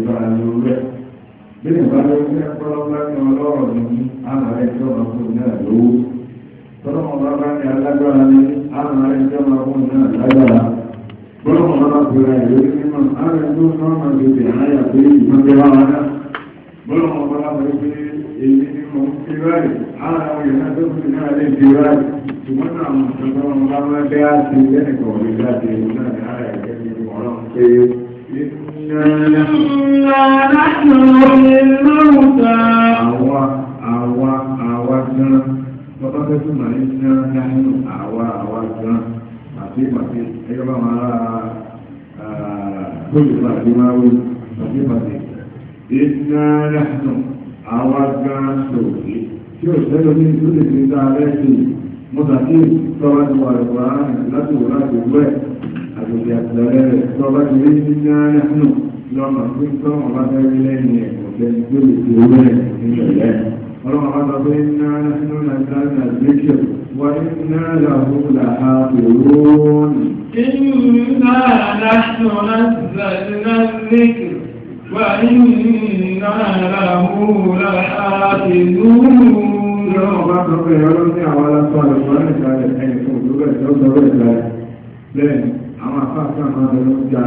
ìbára ní orí ẹ̀. bí nígbà tó ń gbé ọpọlọpọ ní ọlọ́rọ̀ ní àmàlẹ́ tí ọmọ fún mi náà lówó. tọ́lọ́mọ bá bá ní alágbára ní àmàlẹ́ tí ọmọ fún mi náà lágbára. bọ́lọ́mọ bá bá fura ìlú mímọ́ tó ń sọ́mọ tètè àyà pé ìmọ̀tẹ́ wà wá náà. bọ́lọ́mọ bá bá pé èmi ni mò ń fi ráì ààrẹ àwọn tó fi náà lè fi ráì ṣùgbọ́n àwọn ìṣọ̀tọ́ Ìnà láti wọlé lóòótọ́. Àwa àwa àwa gan. Bọ́lá fẹ́ fún màá ní náà nínú àwa àwa gan. Màtí màtí ẹgbẹ́ bá máa rà gbóyè bá àti máa wí. Màtí màtí. Ìnà láti àwa gan sòrí. Tí ò sẹ́yìn ní ìlú lè fi dá rẹ́sì. Mo tàbí tọ́wájú àrùn láti wò láti wú ẹ̀ àtòjì àtìlọ́lẹ́ rẹ̀ tó bá ti rí sí náà nínú lọ́nà tí ń tọ́ ọ̀bá fẹ́ rí lẹ́yìn ẹ̀ kò إِنَّا نَحْنُ نَزَّلْنَا الذِّكْرَ وَإِنَّا لَهُ لَحَافِظُونَ ọlọ́run bá sọ pé ọlọ́run ní àwọn àwọn afáàfáà máa ń lọ gba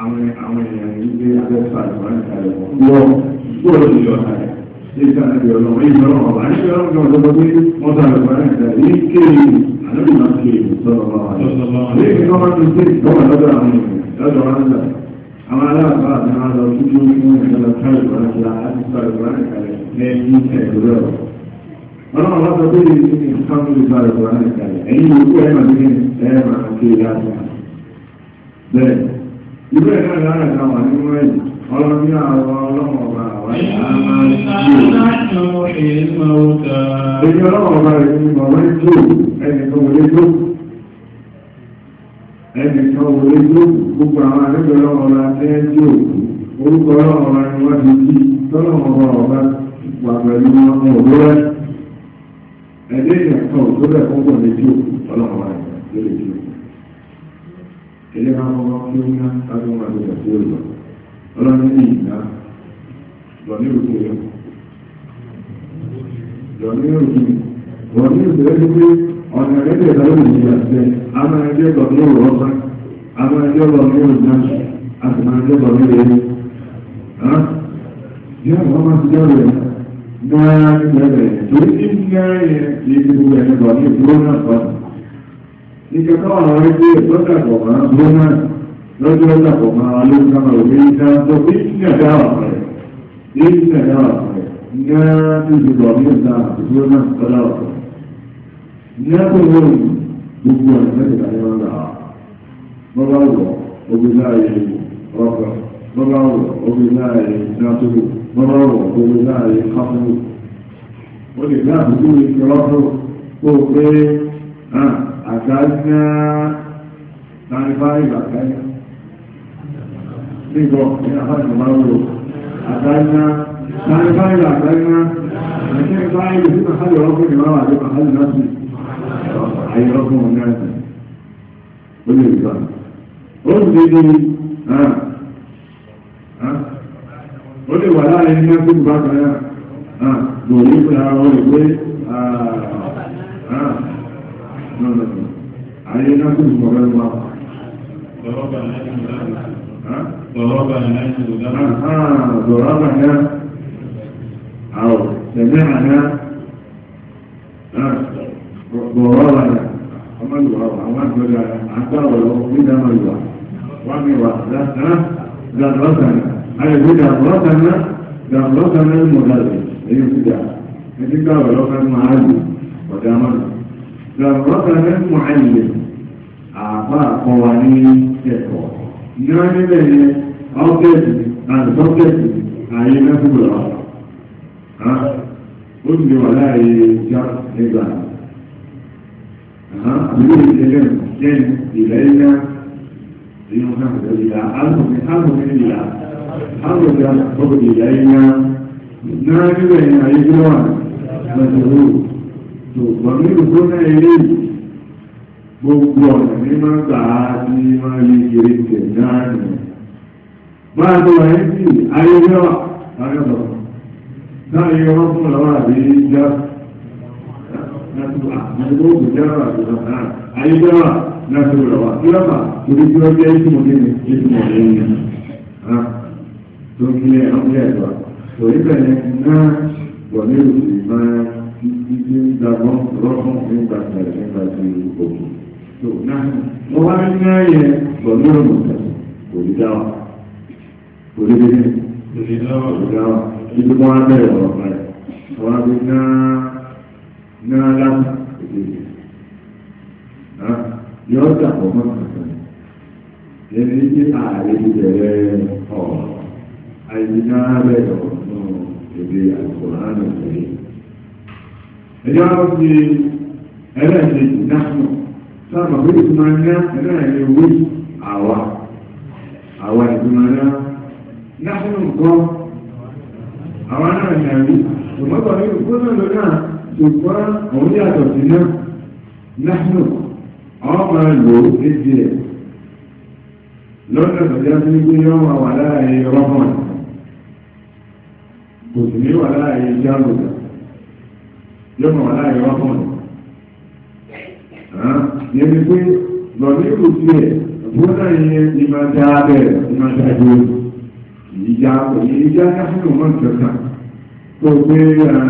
àwọn àwọn èèyàn yìí gbé abẹ́fà ìwọ̀n ìtàlẹ̀ wọ́n wọ́n ló ti yọ ọ̀tàlẹ̀ ṣéṣà àti ọlọ́run yìí lọ́rọ̀ ọ̀bà ní ọlọ́run náà lọ́dọ̀ pé wọ́n sọ àlùkò náà ìtàlẹ̀ yìí kéèrè àlọ́dún máa kéèrè sọ̀rọ̀ lọ́wọ́ àlọ́ lẹ́yìn tó máa ń ṣe ìtọ́wọ̀ lọ́dọ̀ àwọn èèyàn lọ́dọ̀ wọn lọ àwọn aláàbá àti àwọn lọ sí orí wọn ìjọba káàlù wọn àti àti sọ̀rọ̀ wọn ìkàlẹ̀ lẹ́yìn ẹ̀rọ ọlọ́run lọ́sọ̀ pé ìdí ìkàlù ìkàlẹ̀ ẹ̀yìn òkú ẹ̀ bẹ́ẹ̀ irú ẹ̀ náà lára ta wà nínú ẹ̀yìn ọlọ́bí àwọn ọlọ́mọ ọba àwọn èyí ọlọ́mọ ọba rẹ̀ ní bàbá ìjó ẹnì kan wọlé jó ẹnì kan wọlé jó gbogbo àwọn àdébẹ̀ ọlọ́mọ ọba ẹ̀ jó orúkọ ọlọ́mọ ọba ni wọ́n ti kí tọ́lọ́mọ ọba ọba wà pẹ̀lú ọmọ òwúrọ̀ ẹ̀dẹ́ ìyàtọ̀ tó bẹ̀ fún pọ̀ lè jó ọlọ́mọ ọba rẹ̀ lè jó ilé máa kọ́kọ́ kí ó ná lábẹ́ wọn àti ìgbàkú òòlù ọlọ́run ní ìgbà lọ ní òkú yẹn lọ ní òkú lọ ní òkú yẹn pé ọ̀nà ẹ̀rẹ́dẹ̀ ìdáwó ìdí àti àmà ẹ̀jẹ̀ lọ ní òwò ọ̀sán àmà ẹ̀jẹ̀ lọ ní òwò náà àti àmà ẹ̀jẹ̀ lọ ní òwò yẹn. yá wọ́n máa ti dẹ́ rẹ̀ náà ní ẹ̀rẹ̀ torí ní ní ẹ̀rẹ̀ kì í ti gbogbo ẹ̀rẹ̀ lọ ní òkú náà nígbà táwọn àwọn ẹgbẹ́ lọ́jà kọ̀ọ̀kan lọ́nà lọ́jọ́ lọ́jà kọ̀ọ̀kan lọ́nà kama òbí ìjà tó bí ní ẹ̀dá àwọn rẹ̀ ní ní ẹ̀dá àwọn rẹ̀ ní ní ẹ̀dá àtúntò náà lọ́dà ọ̀tọ̀ ní ẹ̀dá lórí gbogbo ọ̀nà ní wọ́n gbà bọ́lá wọ̀ obi láàyè ọkọ̀ bọ́lá wọ̀ obi láàyè nàtúrò bọ́lá wọ̀ obi láàyè káfíńgò àtàzíà láìpá ìgbàkáyà nígbọ̀ ní àbájọba wúlò àtàzíà láìpá ìgbàkáyà àti ìpá ìlú sí màhálì ọkùnrin máa wà ní màhálì náà sí ayé ọkùnrin náà sí ó lè gbà ó lè di ó lè wà láàrin ní ẹgbẹ́ ìgbàkáyà gbòòrò ìpínlẹ̀ àwọn olùgbé علينا كل مرة ضربنا ضربنا ضربنا أو سمعنا ضربنا ومن ضرب ومن ضرب حتى ولو بنا من ضرب ومن ضرب ضربنا أي ضربنا ضربنا المدرب أي بدأ أنت قال لو كان معاذ ودامنا lọ́rọ̀lọ́rọ̀ mọ̀ẹ́lẹ̀ àpá àkọ́ wa ní ẹ̀kọ́ ìyá níbẹ̀ yẹn ọ́gẹ́sì àti sọ́gẹ́sì ààyè mẹ́fúgbọ̀lá ó ti wà láàyè ìjà nígbà àbúrò ìṣẹ̀lẹ̀ jẹ́ ìlẹ̀ iná èyí wọn kàn fẹ́ ìyá alùpùpù alùpùpù ìyá alùpùpù ìyá iná náà níbẹ̀ yẹn àyè gbọ́wà lọ́sọ̀rọ̀ tó pẹ̀lú ìgbóná ilé gbogbo ọ̀nà ní máa ń gbà á ní máa lè kiri tẹ̀ náà nù. máa tó wáyé sí ayé mẹ́wàá láyé lọ. náà yẹ wọ́n fún lọ́wọ́ àbí já nàtúwò kò jára àti lọ́wọ́ ayé mẹ́wàá nàtúwò lọ́wọ́ kí lọ́wọ́ torí kí wọ́n jẹ́ ìtumọ̀ kí ni ìtumọ̀ lẹ́yìn ní. tó ń kílẹ̀ ọ̀gbìn ẹ̀dọ́ torí bẹ̀rẹ̀ náà wọ̀ ní òsì máa títí dàgbọ́n rọ́fún nígbà tẹ̀lé nígbà tí òkú. tó náà mo wá ní ayẹ pẹ̀lú òmùtẹ̀ kò ní dáwà kò ní dédé kò ní dáwà kò ní dáwà ibi wọn á bẹ̀rẹ̀ ọ̀rọ̀ báyìí wọn á fi náà náà láti èdè yọ ọ́ dàpọ̀ mọ́ kankan lẹ́nu ní ààrẹ ìbẹ̀rẹ̀ ọ̀rọ̀ àyíká bẹ̀rẹ̀ ọ̀rọ̀ náà èdè àkùrọ̀ ẹ̀yà ọ̀fi ẹlẹ́ẹ̀kejì náà sábà pé ìtumọ̀ ná ẹlẹ́ẹ̀kejì wí àwa àwa ìtumọ̀ ná náà nǹkan àwa náà ní àrí ìmọ̀tọ̀ ní ìgbóná náà ṣùgbọ́n òun yàtọ̀ sí náà náà ọmọ lò ó lédi ẹ̀ lọ́nà tọ́já sí pé yọ́ wà wà láàyè rọ́mọ̀n kò sì ní wà láàyè jágòdà yóò mọ̀ láàyè wá fún mi. yẹn ni pé lọ́ọ̀dì kò tiẹ̀ fún náà yẹn ni máa dá bẹ́ẹ̀ ni máa dá dúró. ìyá ìyá káfíńtì mọ̀ kankan tó gbé náà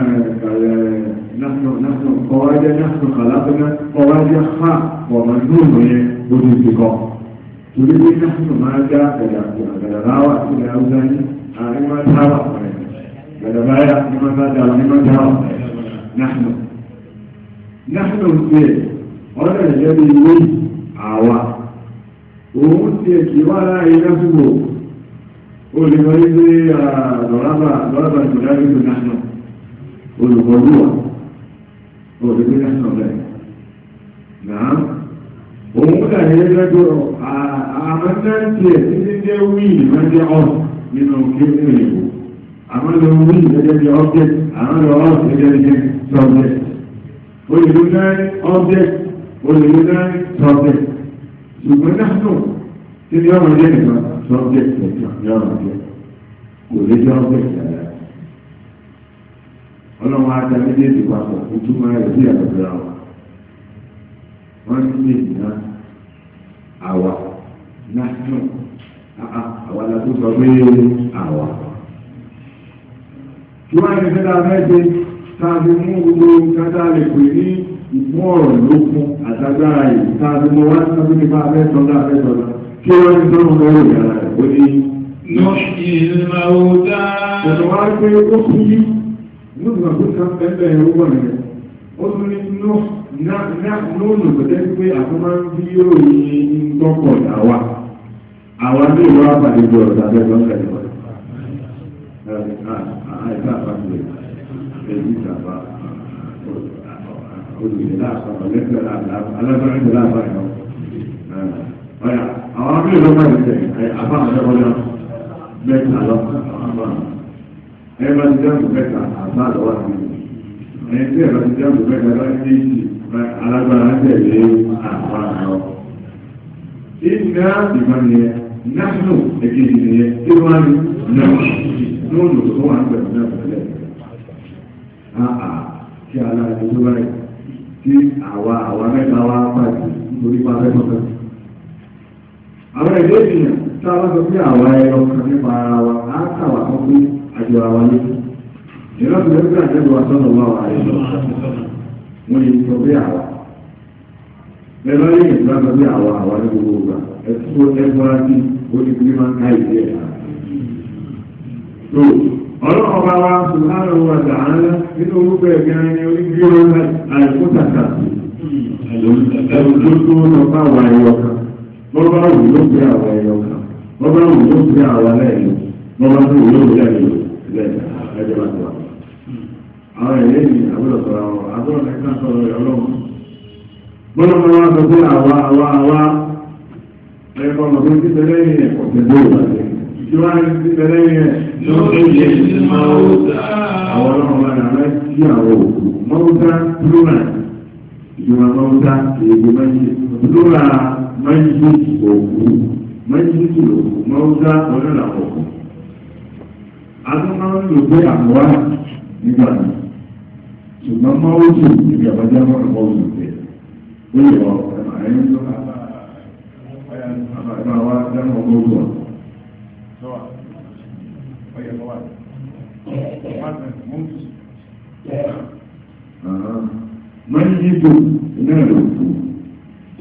kọ́wájá náà kàlábẹ́ná kọ́wájá ha ọ̀mọ̀ nínú yẹn ó ti ti kọ́. torí pé náà máa dá gàdàgbàdàgbàwà sí ìyá ọ̀gá yìí àárín máa dá wà pẹ̀lú gàdàgbàyà ni máa dá wà pẹ̀lú náà náà tiẹ̀ ọ̀rẹ́ rẹ̀ lẹ́nu ìwé àwa òun tiẹ̀ kì í wá láàyè náà túbò ó lè wọlé pé lọ́rábà lọ́rábà ìgbàlá ìlú náà olùkọ́ lùwà ó lè pé náà lẹ́yìn náà òun dà ní ẹgbẹ́ gbọ́dọ̀ àmọ́tẹ́ntì ẹ̀ títí jẹ́ wíìlì máa jẹ́ ọ̀f nínú kéwìn ìbò àmọ́ lọ wíìlì gẹ́gẹ́ bí ọ́bjẹ́t àmọ́ lọ ọ̀f gẹ́gẹ́ bí jẹ́ subject o lè object o lè subject ṣùgbọ́n náà nù kí ni subject nìkan ní ọmọ jẹ́ kò lè awa. awa la awa tàbí mú gbogbo kátà lè pè ní ìmú ọ̀rọ̀ lókun àtàgbára yìí tàbí mo wá sábẹ́ nípa abẹ́sọ̀dá abẹ́sọ̀dá kí wọ́n ti sọ́nù lọ́rọ̀ yàrá rẹ̀ ó ní. nọ́ọ̀sì ìlmàwòdà. ọ̀sán wa pé ó kú yí nígbà tó ká pẹ́pẹ́ owó rẹ̀ ó tún ní nóònù pẹ̀lẹ́ pé àtúmọ̀ ń bí yóò yí ń gbọ́kọ̀ àwa àwa ní ìwà àbàdìjọ ọ̀sán abẹ́sọ̀dá ẹbí bàbá olùdíje láàpá ọ̀lẹ́gbẹ̀ alágbẹ̀rẹ̀ láàpá ẹ̀họ́. ọ̀yà àwọn abúlé ló máa ń tẹ̀ àbá àlọ́wọ́lá mẹ́ta lọ́kàn àbá ẹ bá ti dáàbò mẹ́ta àbá lọ́wọ́ àbí ẹni tí ẹ bá ti dáàbò mẹ́ta bá ti dé alágbára ń tẹ̀lé àbá lọ. ìgbà ìbọn yẹn náà nù èkejì nìyẹn tí wọ́n á lù náà nù tó wà ń bẹ̀rẹ̀ náà àà tí ara ẹni tó àwa àwa wa nítorí pa àwọn tá a bá sọ pé àwa ẹyọ kan nípa ara wa á kà wá kọ́ pé àjọ àwa ní. ìrántí lẹ́gbẹ̀ẹ́ àjẹ́bọ̀ wa wà wọ́n yìí sọ pé àwa ẹ̀rọ ní gbogbo ìgbà ọlọ́run bá wá sùnmọ́ràn wà dáhánlá nínú orúkọ ẹ̀gbẹ́ ẹni onígbìrò àìkú tàkà ẹ̀rù tó tó lọ bá wà tó ìwádìí ti tẹ̀lé yẹn. lókè yẹn ti máa ó dá. àwọn ọlọ́run bá dàgbà sí àwọn òkú mọ́wúdá lóra ìjọba mọ́wúdá èdè méjì lóra méjì òkú méjì òkú mọ́wúdá ọlọ́run àkọ́kọ́. àwọn máa ń lò pé àmúwá nígbà náà ṣùgbọ́n mọ́wúdù ìjọba jẹ́ mọ́wúdù mọ́wúdù tẹ̀ ó yẹ ọ́ ẹ̀ma ẹ̀yìn tó bá bá bá wá dáná ọgbọ́n rẹ̀ lọ́wọ́ mọ́nyídò náà ló kù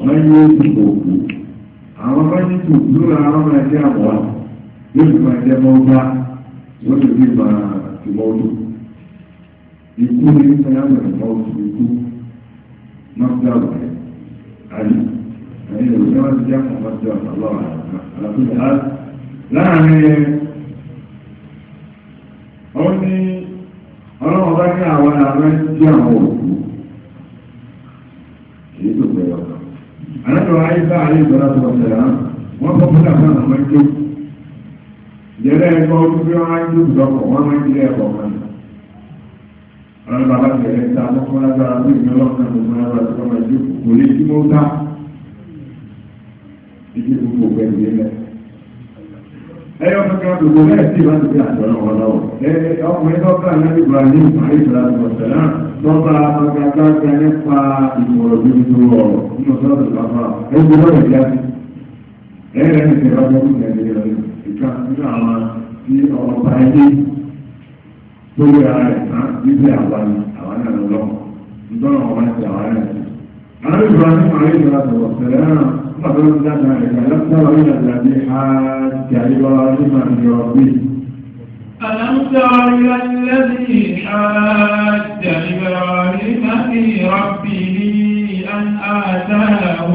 mọ́nyídò kò kù àwọn mọ́nyídò lóra àwọn máa jẹ́ àbọ̀wá yóò fi máa jẹ́ mọ́gbá yóò fi fi máa ti mọ́ọ́dù ikú ní sáyáwó ẹ̀fọ́ ikú mọ́gbá òkè àyè àyè òkè wọn ti jẹ́ àpò mọ́gbá ọ̀tọ̀ lọ́wọ́ àlàkùnrin láàárín. sí àwọn òkú èyí tó fẹ́ ọ̀rọ̀. Àlejò Ayíṣá Ayéṣọ́lá tó wà sẹ̀rá wọ́n kọ́ fún àwọn àwọn ẹjọ́. Ìjẹ́lẹ̀ ẹ̀kọ́ ojú bí wọ́n á ń dùn lọ́kọ̀ wọ́n máa ń jílẹ̀ ẹ̀kọ́ kan. Àwọn bàbá tẹ̀lé ta mọ́kànlá lágbára fún ìgbẹ́ ọ̀kan tó mọ́ lágbára tó máa jó kò lè jí mọ́ ká. Ìdí gbogbo ọ̀gbẹ́ ìdílé mẹ́. Ẹyọ kankan gbogbo lẹ́ẹ̀sì ìbáṣepẹ̀ àjọ náà wọ́n lọ́wọ́. Ẹ lọ́ba gbàgbàgbà nípa ìmọ̀ràn nínú ọ̀rọ̀ nínú sọ́ọ̀tù bàbá ẹgbẹ́ lọ́rẹ̀ yá sí ẹ̀rẹ́ ní ìṣẹ̀lẹ̀ ọjọ́ fún ẹ̀rẹ́ rẹ̀ ìka nínú àwọn tí ọba ẹgbẹ́ tó lé ara rẹ̀ tán níbi àwọn àwọn náà lọ lọ́wọ́ nítorí ọba ti àwọn náà sí. àwọn ìgbà ní àwọn ìgbà sọ̀rọ̀ sẹ̀rẹ̀ náà nígbà tó lọ́ọ́ ألم تر إلى الذي حاج إبراهيم في ربه أن آتاه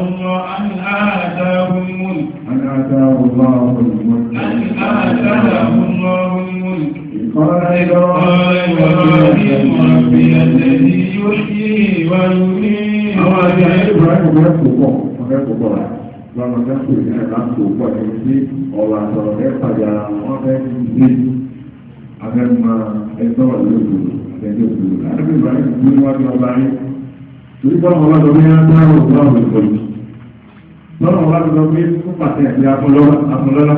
أن آتاه الملك أن آتاه الله الملك أن آتاه الله الملك قال إبراهيم ربي الذي يحيي ويميت أولا إبراهيم يكفر ọ̀rẹ́kùnkọ̀ rẹ̀ lọ́nà jẹ́kùn ìyẹn láti òpó ẹni tí ọ̀rọ̀ àtọ̀rọ̀ rẹ̀ pàdé afẹ́mọ ẹgbẹ́ wà lóògùn ẹgbẹ́ òkúrò láti ìbáyé ní wájú ọba yẹn torí bọ́lá wọn bá lọ bí wọn bá wọn bá wọn lọ yìí bọ́lá wọn bá lọ bí fún pàṣẹ ẹgbẹ́ afọlọ́lá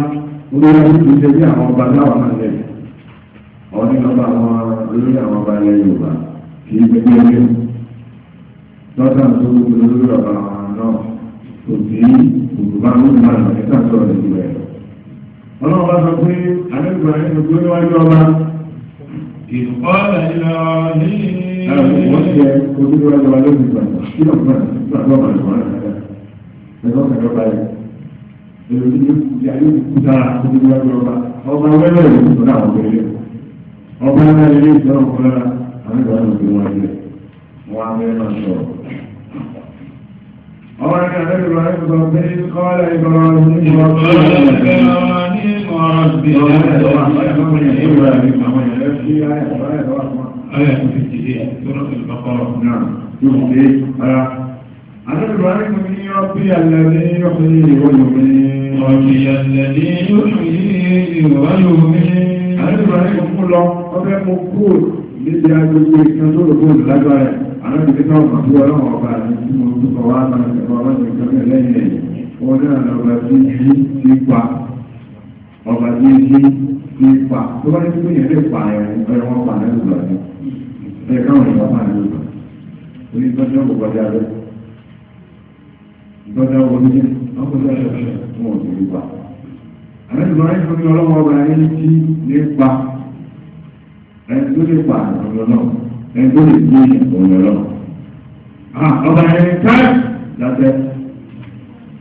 olórí àwọn ìgbésẹ̀ bí àwọn ọba láwọn náà lẹ̀ ọ̀hún ní ọba àwọn olórí àwọn ọba ilẹ̀ Yorùbá kì í gbé gbé lọ́sà tó olórí ọba àwọn náà kò sí òkú bá ń lọ nígbà tó ọ̀rẹ́ ìgbà ẹ̀rọ ọlọ́run bá sọ pé àlejò rẹ̀ ní ojú níwájú ọba. ìfọ́lá ìlà ní. ọba lórí ìgbà ló sọ̀rọ̀ ẹ̀ ẹ̀rọ ọba. ọba wẹ́lẹ̀ rẹ̀ ló àwọn obìnrin rẹ̀. ọba náà ilé ìṣẹ́ ọ̀pọ̀ lára àwọn ìgbà wọn أولا كان إبراهيم ربي قال إبراهيم ربي الذي يحيي ويميت ربي الذي يحيي ويميت أنا إبراهيم قل له أبي مقول níbi agbègbè kan tó lòdì lágbára àwọn ìdílé kan wà ọba àti tí mo tún máa ṣẹ̀kọ́ ọlọ́run ìkan náà lẹ́yìn ẹ̀ wọn náà lọ́ba tí yí ti pa ọba tí yí ti pa tó bá ní kí yẹn lè pa ẹ̀ ẹ̀ wọ́n pa ẹ̀ lọ́ba ni ẹ̀ káwọn ìwà pa ẹ̀ lọ́ba orí tọ́jú ọkọ̀ kọjá rẹ̀ ìtọ́jú ọkọ̀ ní ọkọ̀já ṣẹ̀ṣẹ̀ wọn ò sì rí pa àmì ìgbà ẹni tó lè pa ọ̀rọ̀ náà ẹni tó lè gbé ah, ọba ẹni ká lásẹ̀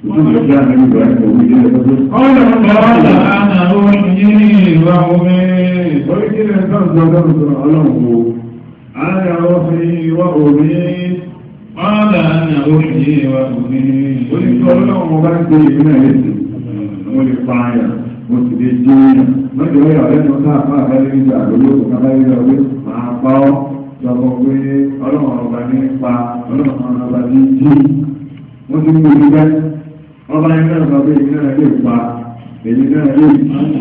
ojú ìjọ sí àgbẹ̀ ìgbà ẹ̀kọ́ orí ilé ẹ̀kọ́ tó. ọ̀nà ọ̀nà àná orí yìí ìwà omi. orí ilé ẹ̀kọ́ tó ọlọ́run tó ọlọ́run kò. àná orí ìwà omi. àná ìwà omi. ń mo sì lè jẹ èèyàn lọ́jọ́ ìyá ọ̀rẹ́ mi ká àpá àbẹ́lẹ́ mi gbà lórí òkú ká báyìí lọ pé màá pa ọ́ lọ́kọ̀ pé ọlọ́run ọba ní pa ọlọ́run ọba ní jí wọ́n ti mú ibi bẹ́ẹ̀ ọba yẹn náà lọ pé èyí náà lè pa èyí náà lè.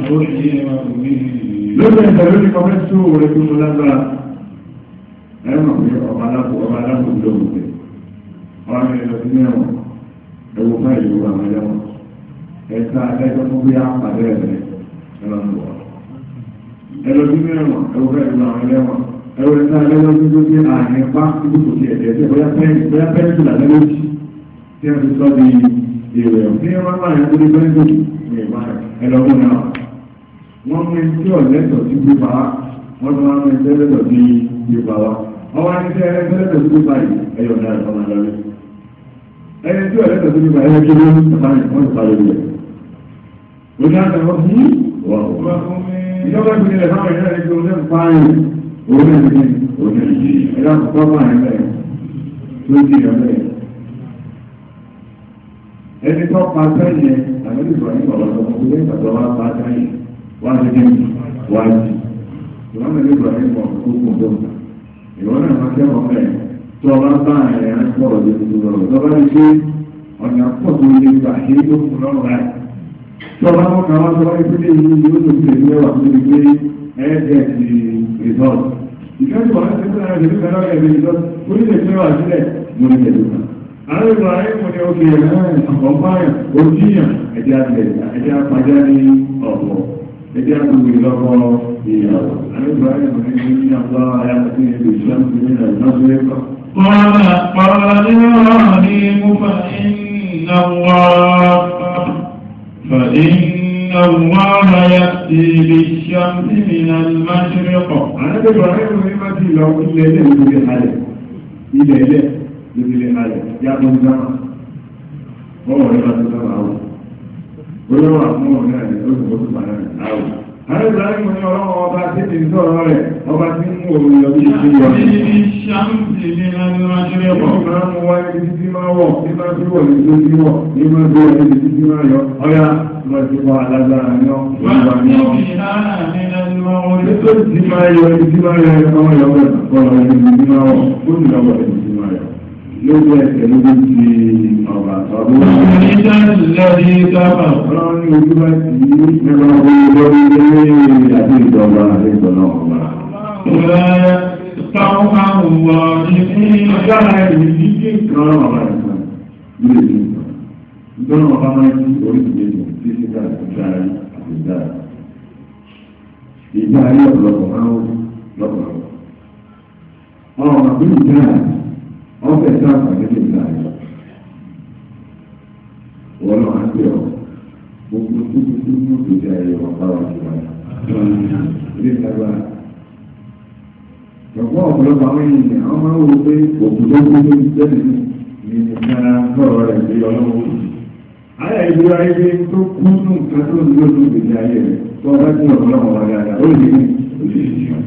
lórí ẹ̀sẹ̀ lórí kọ́mẹ́sì owó rẹ̀ tó mú lágbára ẹ̀ mọ̀ pé ọba aláàbò ọba aláàbò ló mú pé ọba mi lọ sí ẹ̀wọ̀n ẹ̀wọ̀n báyìí ló wà wọ́n ẹ̀ka ẹ̀kọ́ tó bí apàdé ẹ̀rẹ́ ẹlọ́dúnwọ̀. ẹlọ́dúnwọ̀ ẹ̀wọ̀n ẹ̀wọ̀n bẹ́ẹ̀ lọ àwọn ẹlẹ́wọ̀n ẹ̀wọ̀n ẹ̀ka ẹlẹ́wọ̀n tó bí ààrẹ pa ibùsọ̀ sí ẹ̀jẹ̀ ẹ̀jẹ̀ bóyá pẹ́ẹ́ntì làbẹ́ lójì tí a ti sọ di èrè ọ̀hún ní wọn máa ń kúrò pẹ́ẹ́ntì ẹlọ́dún náà wọ́n mú ẹtí ọ̀lẹ́tọ̀ sí gbígbà wá wọ́n tún wá mú ẹtí ẹlẹ́tọ̀ sí gbígbà wá wọ́n wá ní ẹtí ẹlẹ́tọ̀ sí gbígbà yìí ẹ̀yọ̀ náà ọ̀nà lọ́lẹ́ ẹni tí ọ̀lẹ́tọ̀ sí gbígbà yẹn kí ló ń sọ̀tàn ìfọ̀nù sáré lórí àtàwọn bí wọ́n ìjọba ìpínlẹ̀ báwọn ìjọba ìjọba ìjọba pààyàn òun náà di ọ̀bẹ́ ẹni tó pa sẹ́yìn àbẹ́lẹ̀ ìgbọ̀nyí bọ̀lọ̀ tó kọ́ ilé ìgbàgbọ́ wa pa sẹ́yìn wá sí ní wá sí ìwọ́n ní ìgbọ̀nyí bọ̀ tó kù tó ìwọ́n náà máa kẹ́wọ̀n bẹ́ẹ̀ tó ọba bá ẹ̀rẹ́ pọ̀rọ̀ lé tuntun lọ́wọ́ lọ́ba ní pé ọ̀nà pọ̀ tó lè gbà ṣe é tó kù lọ́rùn láì tọ́ba wọn kà wá tọ́ba ìpínlẹ̀ yìí yóò tó ti ẹ̀dínwó wà níbi pé ẹ̀ẹ́dẹ̀ ti rìsọ́ọ̀t ìkẹ́jù wà láti ṣẹ́kọ̀ọ́ náà lèmi kẹ́lá ẹ̀mí rìsọ́ọ̀t ó ní ẹ̀dínwó wà sílẹ̀ mo ní ẹ̀dínwó kan. àwọn ìgbà ayé mo ní oge ọ̀pọ̀npáyà ojúyàn ẹ̀jẹ̀ àgbẹ̀ ẹ̀jẹ̀ apájá ní ọ̀pọ̀ ẹ̀jẹ̀ àgbègbè lọ́kọ́ ìyàwó àwọn ìgbà ayé mo ní ní àgbà فإن الله يأتي بالشمس من المشرق أنا بإبراهيم مهمة لو إلا إلا إلا حالة إلا إلا إلا حالة يا أبو زمان هو يا أبو زمان أو ولو أمور هذه أبو زمان أو Àwọn ìbáraẹ̀mù ní ọlọ́wọ́ ọba tí ti ń sọ̀rọ̀ rẹ̀, ọba tí ń mú òun lọ bí ìṣẹ́ yọ. Ṣáàmùsì ní ẹnu aṣẹ́rẹ́ bọ̀. Ó máa mú wáyé títí tí máa wọ̀, ní máa tí wọ̀ ní tó wọ̀, ní máa tó wọ̀ ní títí máa yọ. Ọya, lọ sí wọ alágbára ní ọ. Wọ́n ní ẹnu ọwọ́. Nítorí tí máa yọ ní tí máa yọ ọmọ ìyàwó ní ojú bá sí ẹgbẹ́ ọmọ lórí ilé àti ìjọba àti ìjọba ọmọ. Ìrẹ́ táwọn máa ń wọ ní ọjọ́ra ìlú ní kéèkàn ọ̀rọ̀ ẹ̀sán ní èdè ìjọba. Ìjọba ọba máa ń jí oríṣiríṣi tí ṣe ká ìjà àti ìjà. Ìjà ayé ọ̀pọ̀lọpọ̀ máa ń lọ́pọ̀lọpọ̀. Ọ̀rọ̀ àbí ìjà àti ọ̀pọ̀lọpọ̀ àwọn ènìyàn wọ́n máa ń wò pé òkú tó kú lórí ní ìdára lọ́rọ̀ rẹ̀ sí ọlọ́run. Ayé ìlú ayé pé tó kú nù ká tó ń lò ní ayé rẹ̀ tó ọba tí ọ̀pọ̀lọpọ̀ wà dáadáa ó lè ní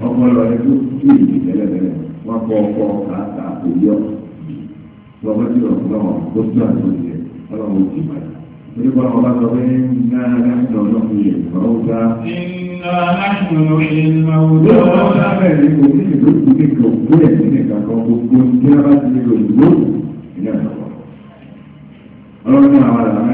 ọpọlọ rẹ̀ tó kú ìdí tẹ́lẹ̀tẹ́lẹ̀ wọ́n kọ ọkọ kàtà òyọ́ tó ọba tí ọ̀pọ̀lọpọ̀ tó tún àtúnṣe ọlọ́run ti bàjẹ́ nígbà wọn bá sọ pé iná láti ọ̀dọ́ fi lè máa ń dá. iná láti ọ̀dọ́ fi lè máa ń dá. wọ́n bá sábẹ̀ ní kò ní ìlú ìlú nìkan òkú ẹ̀ sí nìkan kan gbogbo tí wọ́n bá ti lè lò ìlú ìlú àtàwọn. ọlọ́run ní àwọn àlàmé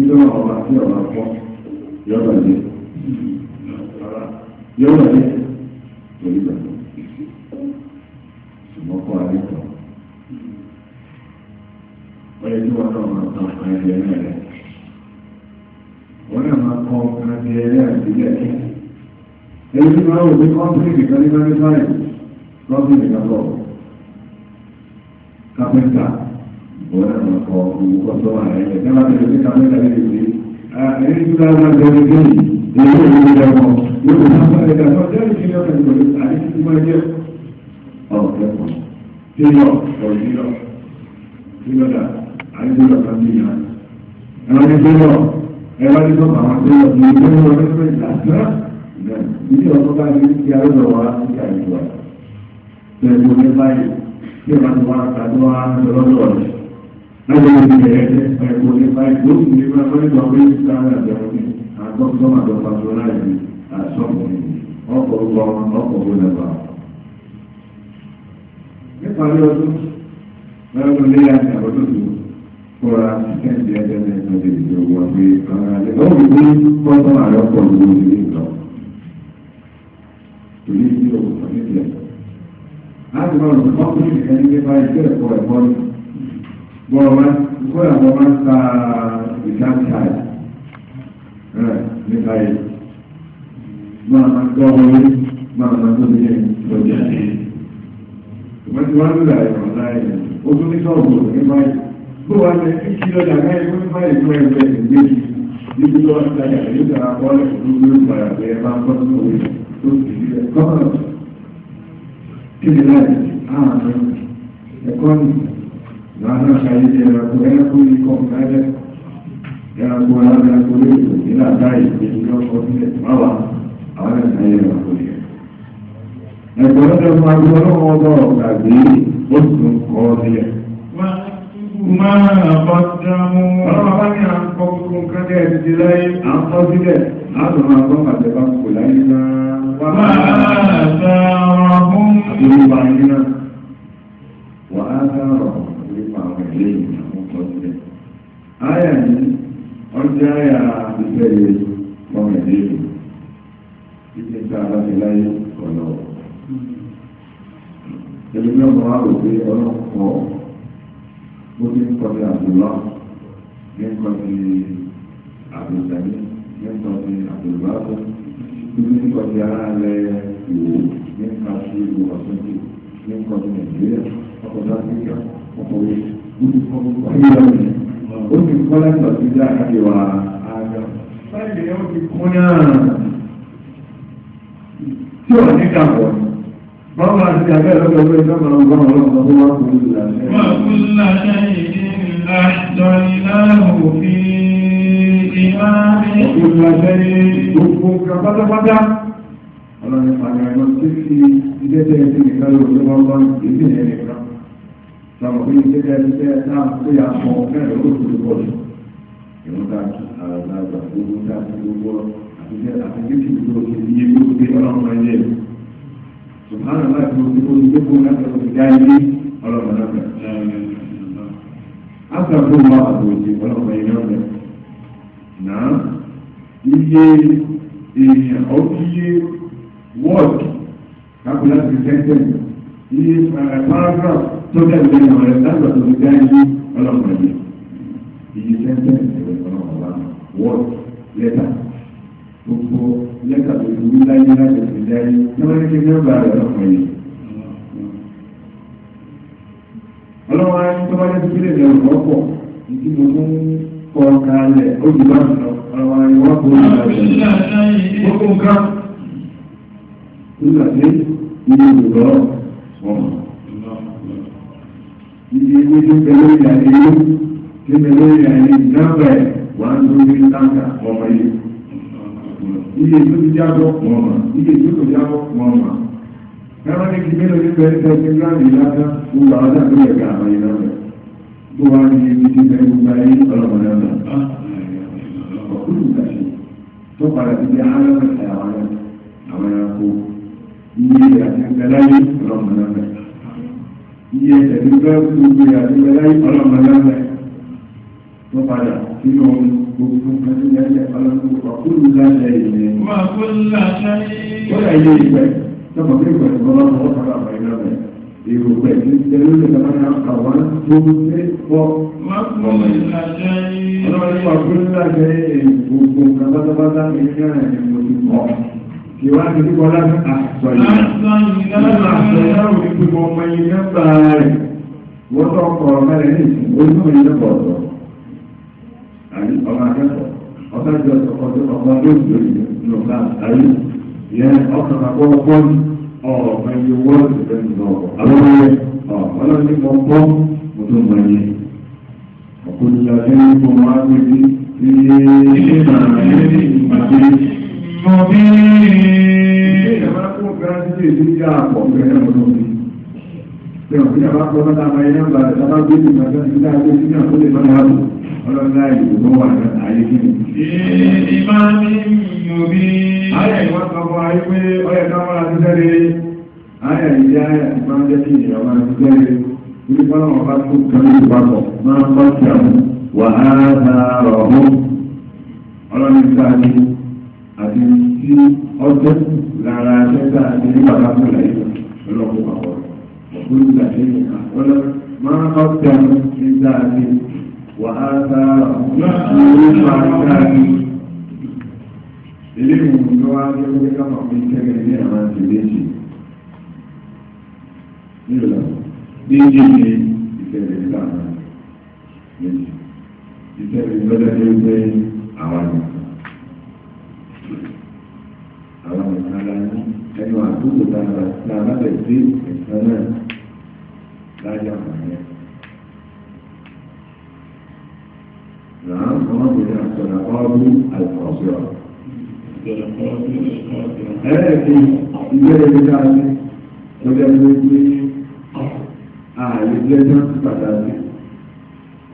kí ló wà wá sí ọ̀rọ̀ àpọ̀ yọ̀ọ̀dọ̀ ní yọ̀ọ̀dọ̀ ní lórí ìgbàgbọ́ ṣùgbọ́n kọ́ alẹ́ kan wọ́n yẹ kí wọ́n náà máa tán ọ̀kan ẹ̀yẹ náà rẹ̀ wọ́n náà máa kọ́ ọ̀kan ẹ̀yẹ náà sílẹ̀ ẹni tí wọ́n rò pé kọ́ńtírì nìkan ní kọ́ńtírì báyìí kọ́ńtírì nìkan bọ̀ kápẹ́ńtà wọ́n náà mọ̀ kọ́ owó kọ́sọ́ ààrẹ yẹn náà bẹ̀rẹ̀ sí ká mẹ́ta lè dé ẹni tí wọ́n máa bẹ̀rẹ̀ dé yìí èyí ò ní lọ́wọ́ yóò wọ́n máa bẹ̀rẹ̀ dà sọ jẹ́ ìdílé ọ̀rẹ́ ìgbọ̀lẹ́ àti títí máa jẹ́ ọ̀rẹ́ kan tí lọ ọ̀rẹ́ lọ tí lọ dà àti tí lọ kan bí yàn ẹ̀rọ ní tí lọ ẹ̀rọ ní tó kàwọn tó lọ ní tí lọ ní tó ìlànà ìdí ọ̀tọ́ bá ní ti arúgbó lọ́jọ́ ìlú rẹ̀ ẹ̀kọ́ nípa ìlú nípa pẹ́lú ọ̀gbẹ́ ìsára àbẹ̀wọ̀n àgbọ̀gbọ́n àgbọ̀pàṣọ láìpẹ́ àṣọ́kùnrin ọkọ̀ ọgbọ̀n ọkọ̀ ọgbọ̀nàbà. nípa ilé ọdún lọ́dún lé àti àbọ̀dún tó kọ́ra kẹ́ǹdì ẹgbẹ̀rún ẹgbẹ̀rún ìdí owó ọgbẹ́ ọ̀rọ̀ àti ọ̀rọ̀ ìgbé kọ́tọ́ àrọ́pọ̀ lówó ìdí ìlọ. torí ìdí òkùnkùn níbi ẹ̀ wọn ọmọ wọn àwọn ọmọ ta ìdáǹtàì rẹ nípa yìí máa ma tọ́ ọmọ yìí máa ma tó yẹ lọ́jà yìí ìwọ́n ti wá ń lò àìsàn láì ó tún ní sọ̀rọ̀ nípa yìí bó wàá lẹ kí kí lọ́jà káyé fún nípa yìí fún ẹgbẹ́ ìgbésí níbi tó ń tajà yóò tẹ̀lé akọ́lẹ̀ fún lórí ìgbàlá pé ẹ máa ń kọ́ sínú òwe tó ti di ẹ̀kọ́ náà kí ni láì ààrùn ẹ̀kọ́ nìyẹn ranar shayi da rago ɗaya kuri kan kajar ya rago ya rago ya kuri yana tayi da shiga kwafi da tsawa a wannan shayi da rago ne ẹgbẹ̀rún tó máa ń gbọ́dọ̀ ọgbọ́ ọ̀gbàgbé ó sì ń kọ́ ọ sílẹ̀. máa bá dámú. ọlọ́run bá ní àkọ́ fún kájẹ́ ìdíje láyé à ń kọ́ sílẹ̀ láti máa gbọ́ pàṣẹ bá kò nípa àwọn ilé ìyìn àwọn kan sílẹ̀. Àyà yìí, wọ́n jẹ́ àyà ìfẹ́ yẹn lọ́mọ ìdí ìlú. Ibi tí a bá ti láyé ọ̀nà ọ̀. Èmi náà mọ̀ wáwò pé ọlọ́pọ̀ ó ti ń kọ́ni àbúlọ́, ní ń kọ́ni àbùsàmí, ní ń kọ́ni àbùbáwò, ní ń kọ́ni aráàlẹ̀ ìwò, ní ń kọ́ni ìwò ọ̀sọ́jú, ní ń kọ́ni Nàìjíríà, ọkọ̀ Áfíríkà ó ti kọ́ láti ọ̀sẹ̀ ìjà àkàdéwà àjọ. báyìí ni ó ti kún náà tí ò ní kàpọ̀ ni. báwo la ti àgbẹ̀ lọ́dọ̀ pé ìjọba àwọn ọmọ ọlọ́run tó wá kú ìlú rẹ̀. wà á kú láṣẹ ìdí ńlá ìjọni láàrú fi ìmáàmì. òkú láṣẹ gbogbo nǹkan pátápátá. ọlọ́run ìpàdé àìmọ̀ tí kí ilé tẹ̀sí nìkan ló ń lọ́wọ́ bá ìdílé nìkan sọ̀rọ̀ bí ṣe jẹ́ iṣẹ́ náà pé àpọ̀ mẹ́rin ó ti pọ̀ jù ìwọ̀n dájú ara dájú gbogbo dájú gbogbo àti jẹ́ àti jẹ́ ti gbogbo ti di ewu ti ọlọ́run ẹ̀yẹ ṣùgbọ́n àwọn àti gbogbo ti gbogbo gbogbo láti ọ̀rọ̀ ìdá ilé ọlọ́run ẹ̀yẹ. Àgbàgbọ́ wa àbòjì ọlọ́run ẹ̀yẹ ọ̀rẹ́ náà iye èèyàn ọ̀kíyé wọ́ọ̀dù kápẹ́ láti sẹ́ńtẹ̀ iye paragraph tó dẹ̀bi ní ọ̀rẹ́ lágbà tó fi dá yí ọlọ́run yìí. Iye sẹ́ńtẹ́ǹsì rẹ̀ ọlọ́run wa wọ́ọ̀d lẹ́tà gbogbo lẹ́tà tó fi wí láyé láti fi dá yí ní wọ́n ní kí ní ọgbà rẹ̀ ọlọ́run yìí. Ọlọ́run wa ní tọ́wọ́ lẹ́sí sílẹ̀ ní ọ̀rọ̀ ọ̀pọ̀ ìdí mo tún kọ kalẹ̀ olùbá ọlọ́run wa ni wọ́n kó olùbá gbogbo nǹkan. Nígbà tí ilé ìlú lọ́rọ̀ wọ̀n ìwé tó tẹ̀lé ìyá ìlú tó tẹ̀lé ìyá ìlú dábà ẹ̀ wà á ló ní táǹkà ọmọ yìí. Iye tó ti jábọ̀ pọ̀ ọ̀mà, iye tó kò jábọ̀ pọ̀ ọ̀mà. Ẹ̀rọ ní kí mélòó ní pẹ̀lú ẹgbẹ́ ti gíláàmì lásán, mo wà á dàbí ẹ̀ka àmọ́ yìí náà. Tó wá ní ibi tí fẹ́ gbogbo ayé ọlọ́mọdé náà. Ọ̀kúrú ìgbàṣe tó padà ti di aráàlú àwọn ẹranko. Iye àti ìgbàláyé ọlọ́mọdé náà iye ẹ̀mí fẹ́ gbogbo ìyàgbé láyé ọlọ́mọ lọ́wọ́ wọ́n padà sínú gbogbo kẹ́lẹ́lẹ́ ọlọ́mọ ọkùnrin lálẹ́ ìlẹ̀. máa kó láṣẹ. wọ́n yà ilé ìgbẹ́ sọ́kàn bí ìgbẹ́ ìgbọ́n lọ́wọ́ wọ́n padà bá iná rẹ̀. èrò pẹ̀ ní ìtẹ́lú lè máa ń kà wá tó ṣe fọ́. máa kó láṣẹ. ọlọ́mọ ọkùnrin láṣẹ gbogbo kàbátábátá ní ìrìn àjò ìwà àtẹ̀lé kọ́ láti àṣọ ìlà nígbà àṣọ ìlà òní pé mo mọ iye nọ́mbà rẹ̀ wọ́n tó kọ̀ mẹ́rẹ̀ ní ìsìn ojú mi ní bọ̀dọ̀ àbí ọmọ akẹ́kọ̀ọ́ ọ̀sán jọ ọdún ọmọ ọdún lórí lọ́la àyè ìyẹn ọkàn àgbọ̀ ọgbọ́n ọ̀ọ̀mọ iye wọ́ọ̀dù rẹ̀ nù ọ̀ọ́lọ́wẹ́ ọ̀ọ́lọ́dún mọ̀ gbọ́ mo tó mọ iye ọ̀kùnrin àti ẹni tó mọ mubin yọ̀n fi àbá ọlọ́run ní àti tí ọjọ́ lára ẹgbẹ́ àti nígbà bá tó láyé lọ́wọ́ pàwọ́ ọ̀gbọ́n ìgbà tí àkọ́lọ́ máa ń ọ̀tẹ̀ nígbà tí wàhálà ìlú máa ń dárí. Ilé ìwòsàn ló wá ní orí kápá mi kẹ́kẹ́ ní àwọn àti méjì. Nílò méjì ni ìṣẹ̀lẹ̀ ìlànà méjì. Ìṣẹ̀lẹ̀ ìgbẹ́lẹ́ ní ó gbé àwọn àgbà àwọn nìkan la ní ẹnu àdúgbò dára ní alábẹ̀ sí ẹ̀sán náà láyé àpàyẹ. Ràá ọmọbìnrin àtọ̀nà ọ́ọ́dún àìkọ̀ọ̀bíọ̀. Ẹ̀ẹ́dì ìwé ẹni dáadé lọ́jọ́ ìwé pé ààyè jẹ́ náà pàtàkì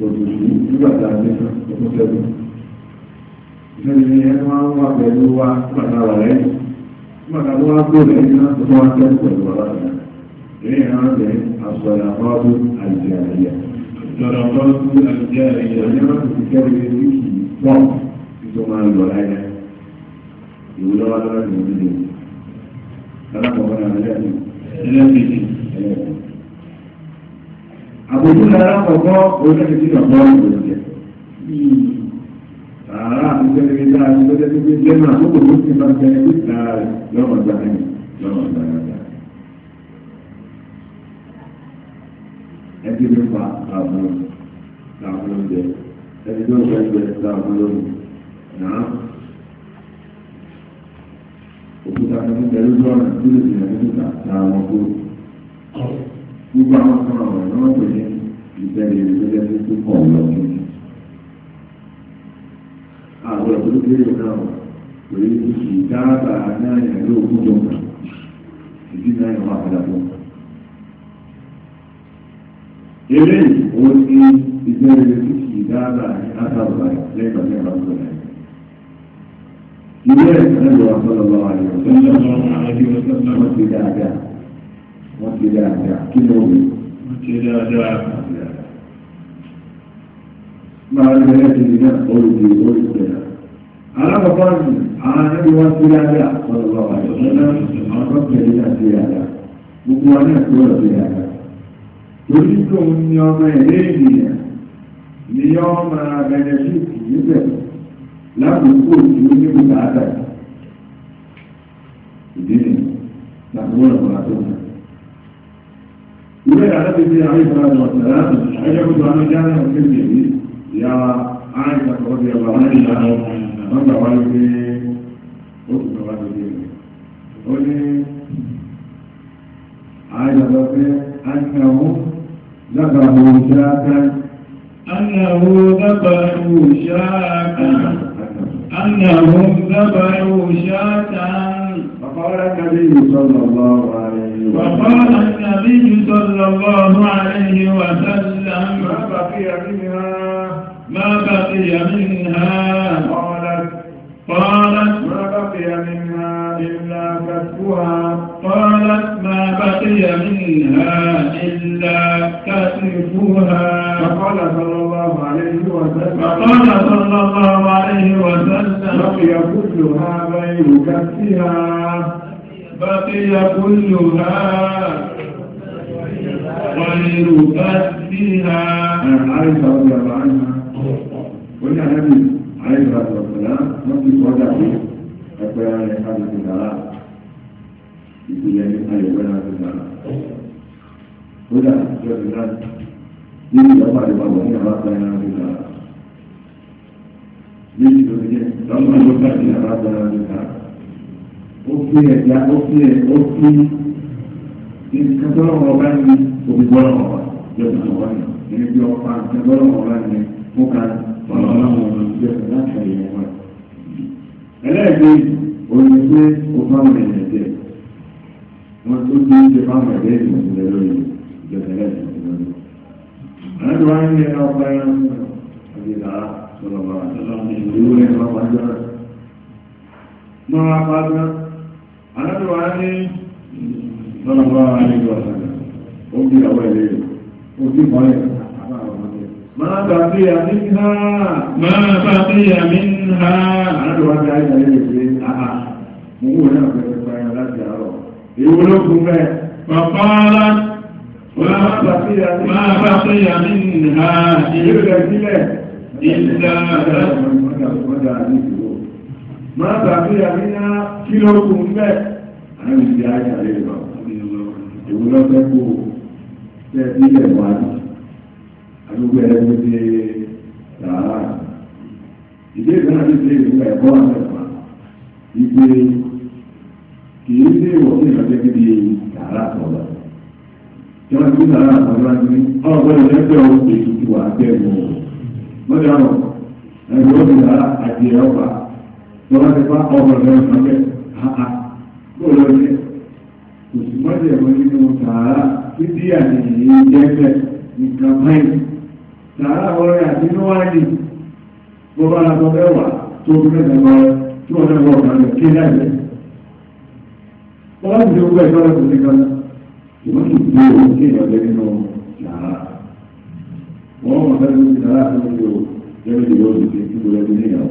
òtútù nígbà tá a ọdún tẹ́lẹ̀. Ìfẹ́ mi ni ẹnu máa ń wà pẹ̀lú wa pàtàkì rẹ̀ yìí. Padà wá gbòòrò ẹni náà tó wá kẹ́kọ̀ọ́ ìwà rẹ̀. Ilé ìran rẹ̀ àsọ̀yà fáwọn àjàyà. Lọ́dọ̀ kan sí àjàyà ìyàwó náà ti kẹ́rù ní kì í pọ̀ tó máa ń lọ láyé. Ìwé lọ́wọ́ lọ́wọ́ ni òun lè. Alákọ̀ọ́kọ́ náà lẹ́yìn. Ẹlẹ́kẹ̀ẹ́jì. Àbójútó alákọ̀ọ́kọ́ àárá àti tẹ́lẹ̀ ní dáa ní lọ́jọ́ tó gbé jẹ́nà tó kò tó sì máa bẹ ní ìtara rẹ̀ lọ́wọ́ gbà ní lọ́wọ́ gbà ní. ẹbí mi fa àbúrò àbúrò jẹ ẹbí tó fẹ́ jẹ àbúrò náà òkúta ní ẹlú tó ọ̀nà tó lè jìnà ní òkúta àwọn kó gbogbo àwọn kan ọ̀rọ̀ náà pè ní ìtẹ́lẹ̀ ìrẹ́lẹ́sẹ̀ tó kọ̀ ọ̀lọ́kùnrin àgbọ̀dọ̀ tó kéré náà lórí ìdáàbà náà yà ló kú tó kù ìdí náà yà wọ́n àpàdà tó. eré òun ni ìgbẹ́ rẹ̀ ti kì ní àtàwọn lẹ́yìn ìgbà tí a bá ilé ẹ̀ka náà lọ́wọ́ sọ́dọ̀ lọ́wọ́ àyè ọ̀sán wọ́n ti dáadáa wọ́n ti dáadáa kí ló wù máa ń bẹ̀rẹ̀ sí ní náà ó lè ó lè bẹ̀rẹ̀ alákọ̀ọ́kọ́ ni àwọn anábì wọn ti dáadáa ọ̀dọ̀lọ́ àjọ̀dọ́dá àwọn tó kẹ̀lé náà ti dáadáa gbogbo wọn náà tó lọ sí dáadáa torí tó ń ní ọmọ ẹ̀rẹ́ ènìyàn ni yọ́ máa bẹnẹfíìtì níbẹ̀ lákòókò tí ó ní bùkátà ìdí ni làkúrò ọ̀gbọ̀n àtọ́nà. ìwé àdábì tí àwọn ìfọ̀rọ̀ àwọn ọ̀sẹ̀rẹ̀ àtọ̀ ayẹ́kùtù àwọn ìjánu wọ́n gbà wá lórí oṣù tó wá lórí rẹ̀ ó ní àyàbọ̀ pé àyàwó dábàbò ṣáàtà àyàwó dábàbò ṣáàtà àyàwó dábàbò ṣáàtà فقال النبي صلى الله عليه وسلم فقال النبي صلى الله عليه وسلم ما بقي منها ما بقي منها قالت ما بقي منها إلا كتفها قالت ما بقي منها إلا كتفها فقال صلى الله عليه وسلم فقال صلى الله عليه وسلم بقي كلها غير كتفها بقي كلها غير كتفها عن عائشة رضي الله عنها قلنا نبي ayé ìgbà tó ọ̀sẹ̀lá wọ́n ti kọ́ dàbí ẹgbẹ́ ara ẹ̀ka ló ti dàrá ìpìlẹ̀ nípa ìwé náà ti dàrá. kódà tí ọ̀sẹ̀ náà nínú ìjọba àdìbò àwọn ní àwọn àgbà náà ti dàrá. bí ìdòwì jẹ́ lọ́mọ ló bá ní àwọn àgbà náà ti dàrá. ó fi ẹ̀dá ó fi ẹ̀ ó fi ìkẹ́tọ́lọ́wọ́ bá ní omi gbọ́dọ̀ wọ̀ yọ̀ọ̀dọ̀ wọ̀ ní ẹni bí ọ jẹ́ láti ẹ̀yẹ wọn. ẹlẹ́ẹ̀kejì òní pé ó fáwọn ẹ̀yẹ jẹ wọn tó ti ń ṣe fáwọn ẹ̀yẹ ìṣẹ̀lẹ̀ lórí ìjọba ẹlẹ́ẹ̀kejì lórí. àwọn ìwà ń yẹ ọgbà ẹran àti ìlàrá sọ̀rọ̀ bá ìlú rẹ̀ wọ́n wá jọ rẹ̀. mọ́ apáta àwọn ìwà ní sọ̀rọ̀ bá ìlú ọ̀sán ó bí àwọn ẹ̀yẹ ó ti mọ́lẹ̀ máa bàbí àmì ha máa bàbí àmì ha àádọ́wà bí ayé ayé rẹ̀ pé àhà mo wò náà bẹ̀rẹ̀ pẹ̀lú láti àárọ̀ èwo ló kún bẹ́ẹ̀. ha ìlú rẹ̀ sílẹ̀ ìlà rẹ̀. ha kí ló kún bẹ́ẹ̀. àyẹ̀wò ti ayé ayé rẹ̀ lọ èwo gbogbo ẹ̀rọ ti ṣe rárá. ìdí ìdáná ti ṣe ìlú ẹ̀kọ́ àtẹ̀fà ìgbé kìí ṣe ìwọ̀ sí kí di rárá sọ̀rọ̀. ìjọba ti rárá sọ̀rọ̀ láti ní ọ̀gbọ́n ìrẹ́pẹ̀ ọ̀hún ètò ìwà àgbẹ̀mọ̀ lọ́dọ̀ àwọn ẹ̀rọ ti rárá àti ẹ̀rọ pa lọ́wọ́ ti fa ọ̀gbọ̀n ìrẹ́pẹ̀ ọ̀hún àgbẹ̀ kò sì mọ́tẹ̀ ẹ̀mọ́ nínú tààrà títí àti ìyẹn jẹ́ nǹkan báyìí sàárà ọ̀rẹ́ àti inú wáyé bó bá lọ sọ bẹ́ẹ̀ wà tó o fẹ́ sẹ́wọ́ tí wọ́n fẹ́ wọ ọ̀gá rẹ̀ kí náà lẹ̀. wọ́n ti gbogbo ẹ̀ṣọ́ rẹ̀ kò sí kan ìwọ́n sì gbé òun sí ìyọ̀lẹ́ nínú sàárà. wọ́n mọ̀ fẹ́ lóṣù sàárà tó ń lò lẹ́yìn ìyọ̀ òṣìṣẹ́ tí mo lẹ́bi níyàwó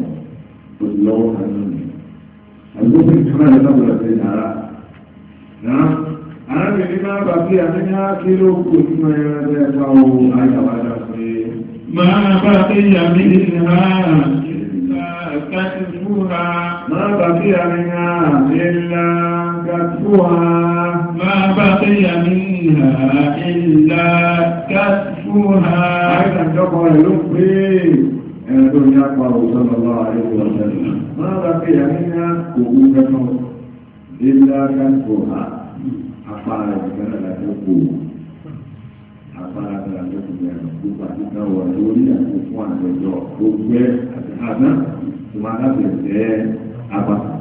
tó ti lọ́wọ́ kan lónìí. àbúrò láti ní máa bà bí àmì ní ákí ló kò ní máa yára bẹ́ ẹ̀ta ohun àyàwádà pé máa bà bí àmì ní máa bà bí àmì ní àmì ńlá kàtúwà máa bà bí àmì ńlá kàtúwà àìsàjọ́kọ̀ rẹ̀ ló pé ẹ̀rọ ní apá òṣèlọ́lá àríwọ̀ ọ̀sẹ̀ máa bà bí àmì ní àkókò kẹtọ̀ ńlá kàtúwà agbára ìgbẹ́ náà lájọ́ kò agbára ìgbẹ́ lájọ́ kò bẹ̀rẹ̀ gbogbo àdúgbò wà lórí àti fún àgbẹ̀jọ gbogbo ẹ̀ àti àná tó máa dábẹ̀ jẹ́ abàtà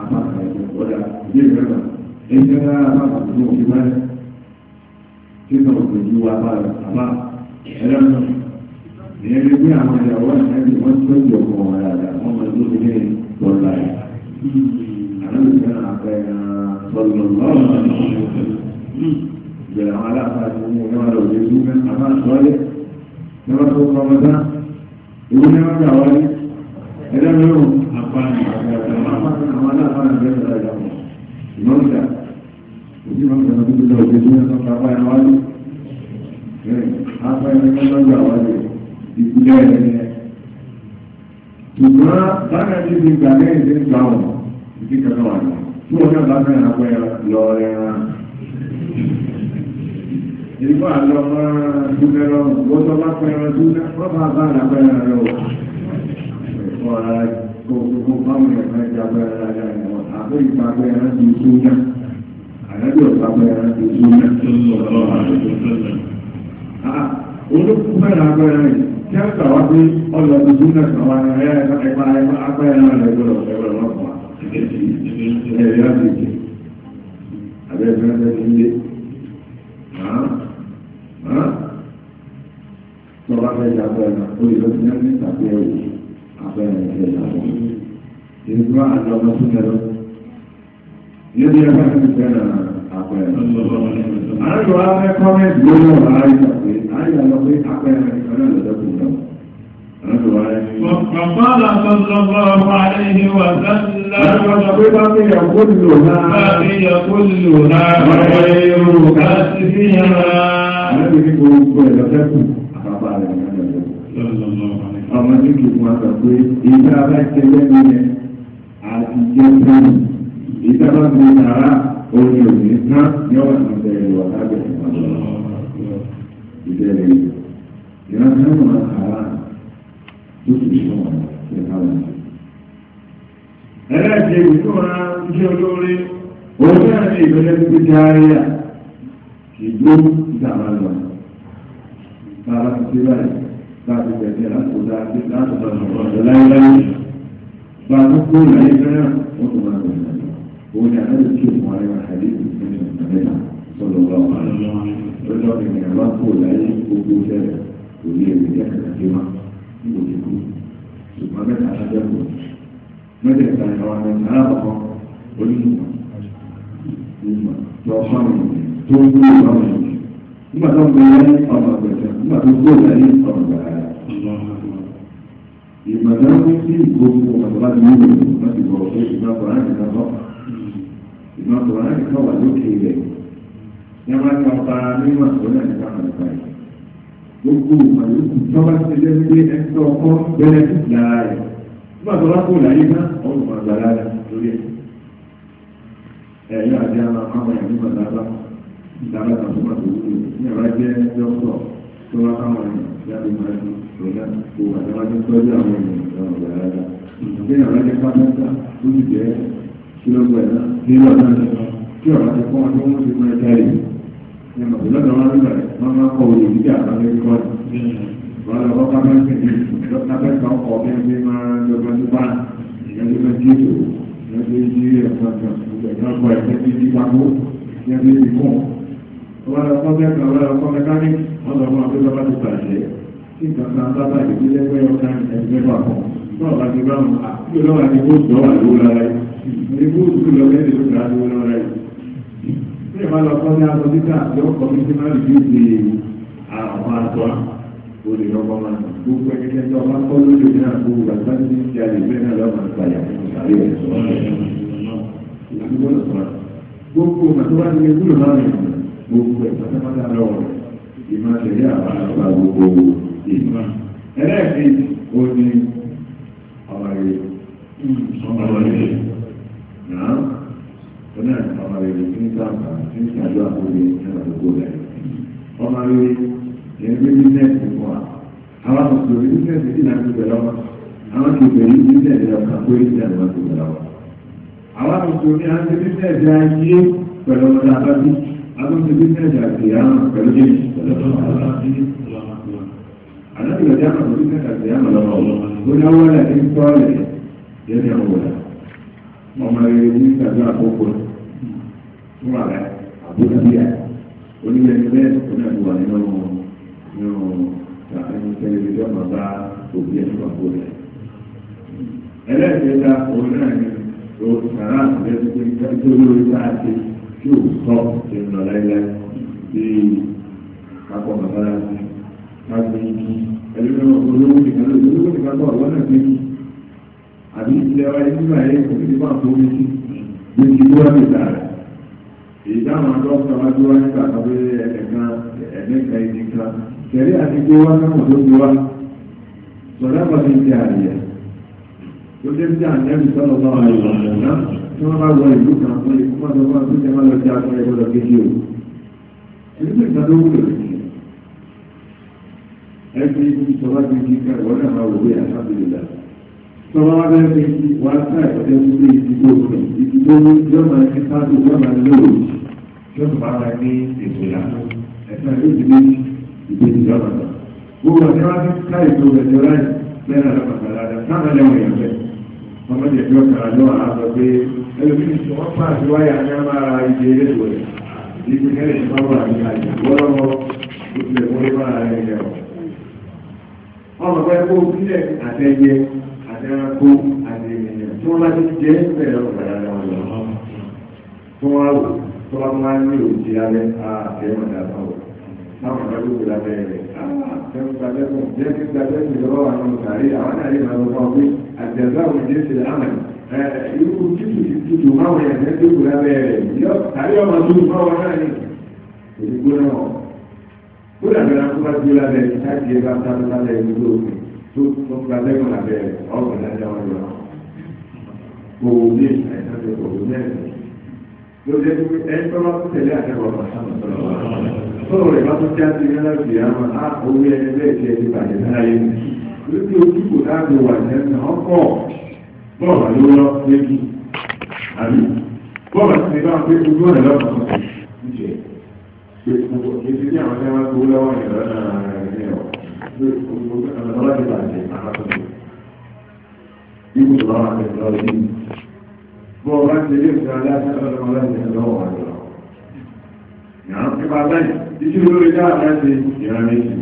abàtà ìgbẹ́ kọ́dà ìdí ìgbẹ́ náà ẹgbẹ́ náà abàtà tó ń fi báyìí tí kò tó ju abàtà àbá ẹ̀rọ náà ìyẹn ní bí àwọn ìyàwó àti ẹgbẹ́ wọn tó ń jọ kọ̀ ọ̀ àdúgbò fẹ́ràn abẹ́rẹ́ sọ́dọ̀ lọ́wọ́ ìgbẹ̀rẹ̀ àwọn aláàfáà ti mú ní wàlẹ̀ òde tó fẹ́ àbá àtọ́lé ní wọ́n tó kọ́ ọmọdé ìwú ní wọ́n gbà wọlé ẹ̀dẹ́ mìíràn àpáàlì àwọn aláàfáà ti bẹ́ẹ̀ sọ́dọ̀ ìyàwó ìmọ̀ọ́dà òbí máa ń sọ̀rọ̀ tó lọ òde tó fẹ́ sọ́kà apáyà wálé apáyà ní wọ́n gbà wálé ṣùgbọ́n báyà ti gbà lẹ́yìn tó ń gbà wọ̀ ìdí kan náà wà ní. Tí wọ́n náà bá fẹ́ ràn pẹ́ lọ ẹran. Ìdíkọ́ àlọ́ máa dúpẹ́ lọ, wọ́n tó bá pẹ́ ẹran dúpẹ́, wọ́n bá bá ràn pẹ́ ẹran lọ. Ẹ̀fọ́ ara gbogbo báwọn ẹ̀fọ́ ẹja pẹ́ ẹran ajá ẹ̀wọ̀n. Àbẹ́ ìgbà pẹ́ ẹran ti tú náà. Àdájọ́ ìgbà pẹ́ ẹran ti tú náà tó ń sọ̀rọ̀ lọ́wọ́ rẹ̀ kí á gbà wá pé ọlọ́dún dúnà kan wá ní ẹ̀ka ẹ̀ka apá rẹ̀ gbọ́dọ̀ ẹ̀gbọ́dọ̀ lọ́kùnrin ẹ̀ láti jẹ abẹ́rẹ́ náà ti ń lé tọ́ba fẹ́ ṣe abẹ́rẹ́ náà ó lè lọ sí náà ní tàbí ẹ̀wò abẹ́rẹ́ náà ṣe ìyàwó ìdúrà àti ọmọ tó ń lọ yóò yẹ ká ti fẹ́ náà àpẹẹrẹ. àyọ̀ abẹ́ kọ́mẹ́ntì ló ń lọ àyà pé àyà lọ pé àpẹẹrẹ ìfẹ́ náà lọ́dọ̀ kù. Mọ̀kànlá sọ́sọ́gbọ́ àríhí wà sẹ́lá. Àwọn ọ̀pẹ́ bá fi yàkúlù náà. Bá fi yàkúlù náà. Àwọn èrò ká sí sí yàrá. Àwọn ẹgbẹ́ kí gbogbo ẹ̀dọ́ fẹ́kù àpapà rẹ̀ náà. Ọmọ tí kì í fún àgbà pé ìta bá jẹ lẹ́nu yẹn àti jẹ fún ìta bá fi nàrà orí òní ẹlẹ́ẹ̀kẹ́ ìwòsàn iṣẹ́ olóore òun náà ní tó ti àárẹ̀ à ìgbó ìdàmà lọ bàbá ti ṣe báyìí bàbá ti bẹ̀rẹ̀ láti ọ̀dà àti láti ọ̀dà ọ̀dọ̀ láéláé bàbá kó ìlàyé fẹ́ràn wọ́n tó máa bẹ̀rẹ̀ lọ òun ni àlẹ́ tí òun wáyé wà kàdé ìgbésẹ̀ ìgbésẹ̀ sọ̀rọ̀ lọ wà lọ́jọ́ ìrìn àwọn kó ìlàyé gbogbo fẹ́rẹ̀ òun ni èmi jẹ́ kàkàkí wọn ní òde ń gbé ìwáwọn láti mú ìlú láti bọ̀ pé ìgbà kọ̀ọ̀rán kọ́ ìgbà kọ̀ọ̀rán nìkan wà lókè rẹ̀ ní wọ́n ti ọ̀pá mímọ̀ tó náà nípa àgbà yìí gbogbo ìpàdé ìjọba ti jẹ́ pé ẹ̀tọ́ ọkọ bẹ́ẹ̀ ti lára rẹ̀ nígbà tó bá kó láyé ná ọ̀rùn máa gbà lára lórí ẹ̀ ẹ̀yọ́ àti àwọn àwọn ẹ̀mí máa dábà dábà tó máa tó wúlò ní ọ̀rá jẹ́ dókítọ̀ tó wá káwọn ẹ̀yìn jáde máa ju lọ́dá kó àdáwájú tọ́jú àwọn ènìyàn lọ́rùn gbà lára ní ọ̀rá jẹ́ pátá ní ọ̀pọ̀ lọ́dọ̀ wọn lọ́dọ̀ wọn bá bá jí ètò ìyẹ́dẹ́ jí ẹ̀fọ́ kan ìgbẹ̀dẹ́ ọkọ̀ wọn lọ kọ́ kẹ́ńtì wọn lọ kọ́ mẹkáníkì wọn lọ wọn àgbẹ̀dẹ́ bá ti bàjẹ́ kí nǹkan kan bá bàjẹ́ kí tí ìbá lọ sọ́ni aṣọ títà yóò kọ́ mi sí máa rìbí ti àwọn aṣọ o lè lọ́kọ́ máa tọ̀ gbogbo ẹni tí ẹjọ́ bá kọ́ lórí ìdí náà gbogbo àgbà tí ń jalè bẹ́ẹ̀ náà lọ́wọ́ máa gbàyà ìsàlẹ̀ rẹ̀ sọ́ọ́ gbogbo màtó bá ti lè wúlò máa rìn gbogbo ẹ̀ lọ́wọ́ ìmọ̀ àtẹ̀lé àwọn gbogbo ìmọ̀ ẹlẹ́ẹ̀kejì ó ní ọ̀rẹ́ ọ̀rẹ́ náà náà ọmọ rere tí ń sábà tí ń sàdó àkóyè ìjọba gbogbo rẹ̀ ọmọ rere yẹn gbé bísíǹsì fún wa àwọn mùsùlùmí bísíǹsì sì náà ti bẹ̀rẹ̀ wọn àwọn kìbèrè bísíǹsì náà kà pé ìjọba wọn ti bẹ̀rẹ̀ wọn. àwọn mùsùlùmí à ń ṣe bísíǹsì ayé pẹ̀lú ọmọdé abájú àtúnṣe bísíǹsì àti àwọn pẹ̀lú jẹ́ni pẹ̀lú ọmọdé abájú. àná fún ààrẹ àbúrò bíyà onílẹ̀ ilé ẹ̀sìn náà ti wà nínú nínú ẹni tẹlifíṣọ̀n bàbá òbí ẹ̀sìn pàpọ̀ rẹ̀. ẹlẹ́sìn ta òun náà ni o sàrà àtúntẹ́ tó ń tẹ́ tó lórí sáàtì tí o sọ ti ń lọ láíláí bí kakọ̀ bàbá rẹ̀ ti ká gbé igi ẹlẹ́sìn olówó nìkan lórí olówó nìkan bọ̀ wọ́n náà gbé igi àbí ilẹ̀ wa ẹni nígbà yẹn kò ní ti máa fọ́ mi sí gbé igi wọ́n ti dà rẹ̀ ìdáhùn dọ́kítà wá gbé wá nígbà kan pé ẹ̀ẹ̀kan ẹ̀ẹ́dẹ́gbẹ̀ta ìdí kan tẹ̀lé àti gbé wá náà tó gbé wá sọ̀rọ̀ àpàtì ti àríyá tó dé sí àjẹ́bí sọ́nà bá wà lọ náà tí wọ́n bá wọ ìlú kan fún ikú wọn tó wọn tó jẹ́ wọn lọ sí agbọ́n ẹgbẹ́ lọ kéde o ìlú ìgbà tó wúlò rẹ̀ ẹgbẹ́ ibi ìṣọ̀rọ̀ àti ìdí kan ìwọ́n náà máa wò wí tọ́wọ́ wá bẹ́ẹ̀ fi wá sáà ìpàdé gbogbo ìdìbò rẹ̀ ìdìbò yóò máa ní sáàdù yóò máa ní òòlù yóò tó máa máa ní ètò ìyàtọ̀ ẹ̀ka ìdílé ìdílé ìjọba náà. gbogbo àti wá ká ètò rẹ̀ jọ láì lẹ́nu àlọ́kàtà dáadáa sáà lẹ́wọ̀n yẹn bẹ́ẹ̀. ọmọ jẹ̀ bí ọkàn àjọ àgbà pé ẹlòmíì tí wọ́n fà sí wáyà ní amára ìdí eléwọ̀ rẹ̀ ìdí kẹ́lẹ̀ ti máa wà ní àyè wọ́n lọ́wọ́ àti ẹranko àti ènìyàn tí wọ́n bá ti jẹ́ bẹ̀rẹ̀ ọ̀gbàrá wọn lọ tí wọ́n wò tí wọ́n máa ń ní òjì alẹ́ àtẹ̀wọ̀n dàbà wò táwọn ọ̀gá ló gbéra bẹ́ẹ̀ rẹ̀ àtẹ̀wọ̀n gbàdẹ́kùn jẹ́ kí gbàdẹ́kùn ìjọba wà nínú sàárì àwọn àyè máa lọ fún ọ pé àjẹsà òun jẹ́ ṣe àmà irú títù títù máwọn èèyàn tẹ́tí gbéra bẹ́ẹ̀ rẹ̀ sàárì ọmọ tó ń fọwọ́ náà ní òdìgbò náà kó dàbẹ̀rẹ̀ kó bá gbéra bẹ́ẹ̀ tó tó gba lẹ́yìn lábẹ́ ọ̀gbìn tó kọ̀ òwò náà rẹ̀ ní láti المراجل عليه يقول الله عز وجل هو الرجل يرجع لا تأمر ولا تأمر عليه نعم كيف عزيز يجي الرجال هذه يا ميسي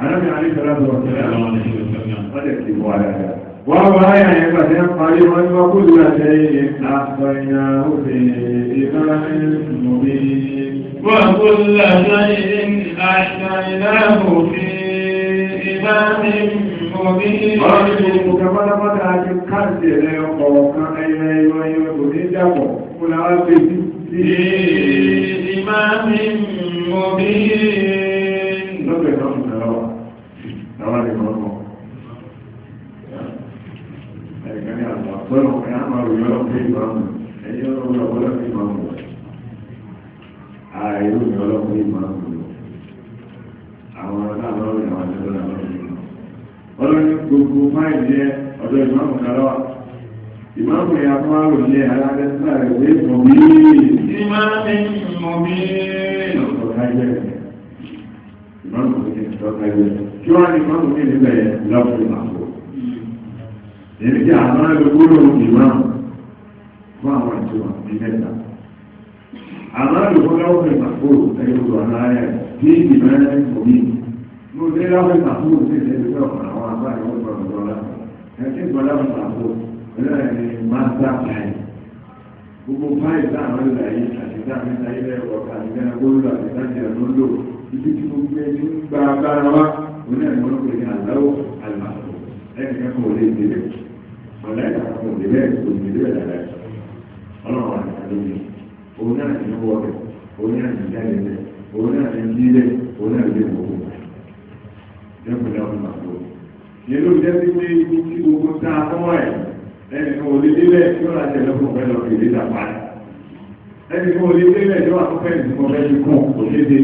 أنا من عليه ثلاثة وسلام عليه وسلم قد يكتب على هذا وهو آية يبقى قريبا وكل شيء أحصيناه في إمام مبين وكل شيء أحصيناه في ìlànà ìmọ̀bí. Ọ̀rọ̀ mi ni mo kẹ́ pátápátá ti káàdì ẹ̀rẹ́ ọkọ̀ kan ẹyẹ ẹyọ ẹyọ kò ní dàpọ̀ fún la wá gbé sí. Ìmáàmì mọ̀bí. Lọ́pẹ̀ náà mú tẹ̀lé wa, tàwa lè kọ́ ọkọ̀. Ẹ̀ka ní àgbà pẹ́lú ọ̀pẹ́ àmà òyìn ọlọ́pẹ́ ìbámu. Ẹ̀yẹ́ ọlọ́pẹ́ ìbámu. Àìrú ni ọlọ́pẹ́ ìbámu àwọn ọ̀dọ́ àwọn ọ̀rọ̀ ìyàwó àti ọ̀dọ́ àwọn ọ̀rọ̀ ìyàwó. ọlọ́ni gbogbo fáìlì ẹ ọ̀dọ́ ìmáàmù kálọ́wà ìmáàmù yà fún àrò ilé alágbèsílà rẹ̀ wé mọ̀ mí. ìmáàmù mọ̀ mí. ìmáàmù mi tọ́ka ẹgbẹ́ kí wọ́n á ní ìmáàmù mi níbẹ̀ yẹn lọ́kùnrin màkò. èmi jẹ́ àmọ́ ẹgbẹ́ ìmáàmù fún àwọn ìtura ní mẹ́ta. àmọ́ bí ìgbìmọ̀ ẹni kò ní. Mo ní láwọn ìtàkùn òsì ìdẹ́gbẹ́ ọ̀pọ̀ àwọn agbáyé ó gbọ́dọ̀ dọ́là. Ẹ ti gbọ́dọ̀ ìtàkùn ẹlẹ́ni máta pàì. Gbogbo páì táwọn ìlà yìí àti táwọn ìlà ilẹ̀ ọ̀kà àti ìlẹ̀ gbólú àti tájì ọ̀nà lò. Ibi tí mo gbé ní gba agbára wa, mo ní ẹ̀mọ́ pé ní àláwò àlùmọ̀. ẹ̀ òun náà ti dílé òun náà lè wò ó lẹ́kùn lẹ́kùn máa wò ó. yẹn ló jẹ́ sí pé ibi tí gbogbo tá a fọwọ́ ẹ̀ ẹnì kan ò lè délẹ̀ tí wọ́n láti ẹ̀lọ́kùn fẹ́ lọ kéde dàgbà ẹnì kan ò lè délẹ̀ tí wọ́n àtúnfẹ́ ìdìbò fẹ́ fi kún kò lè dé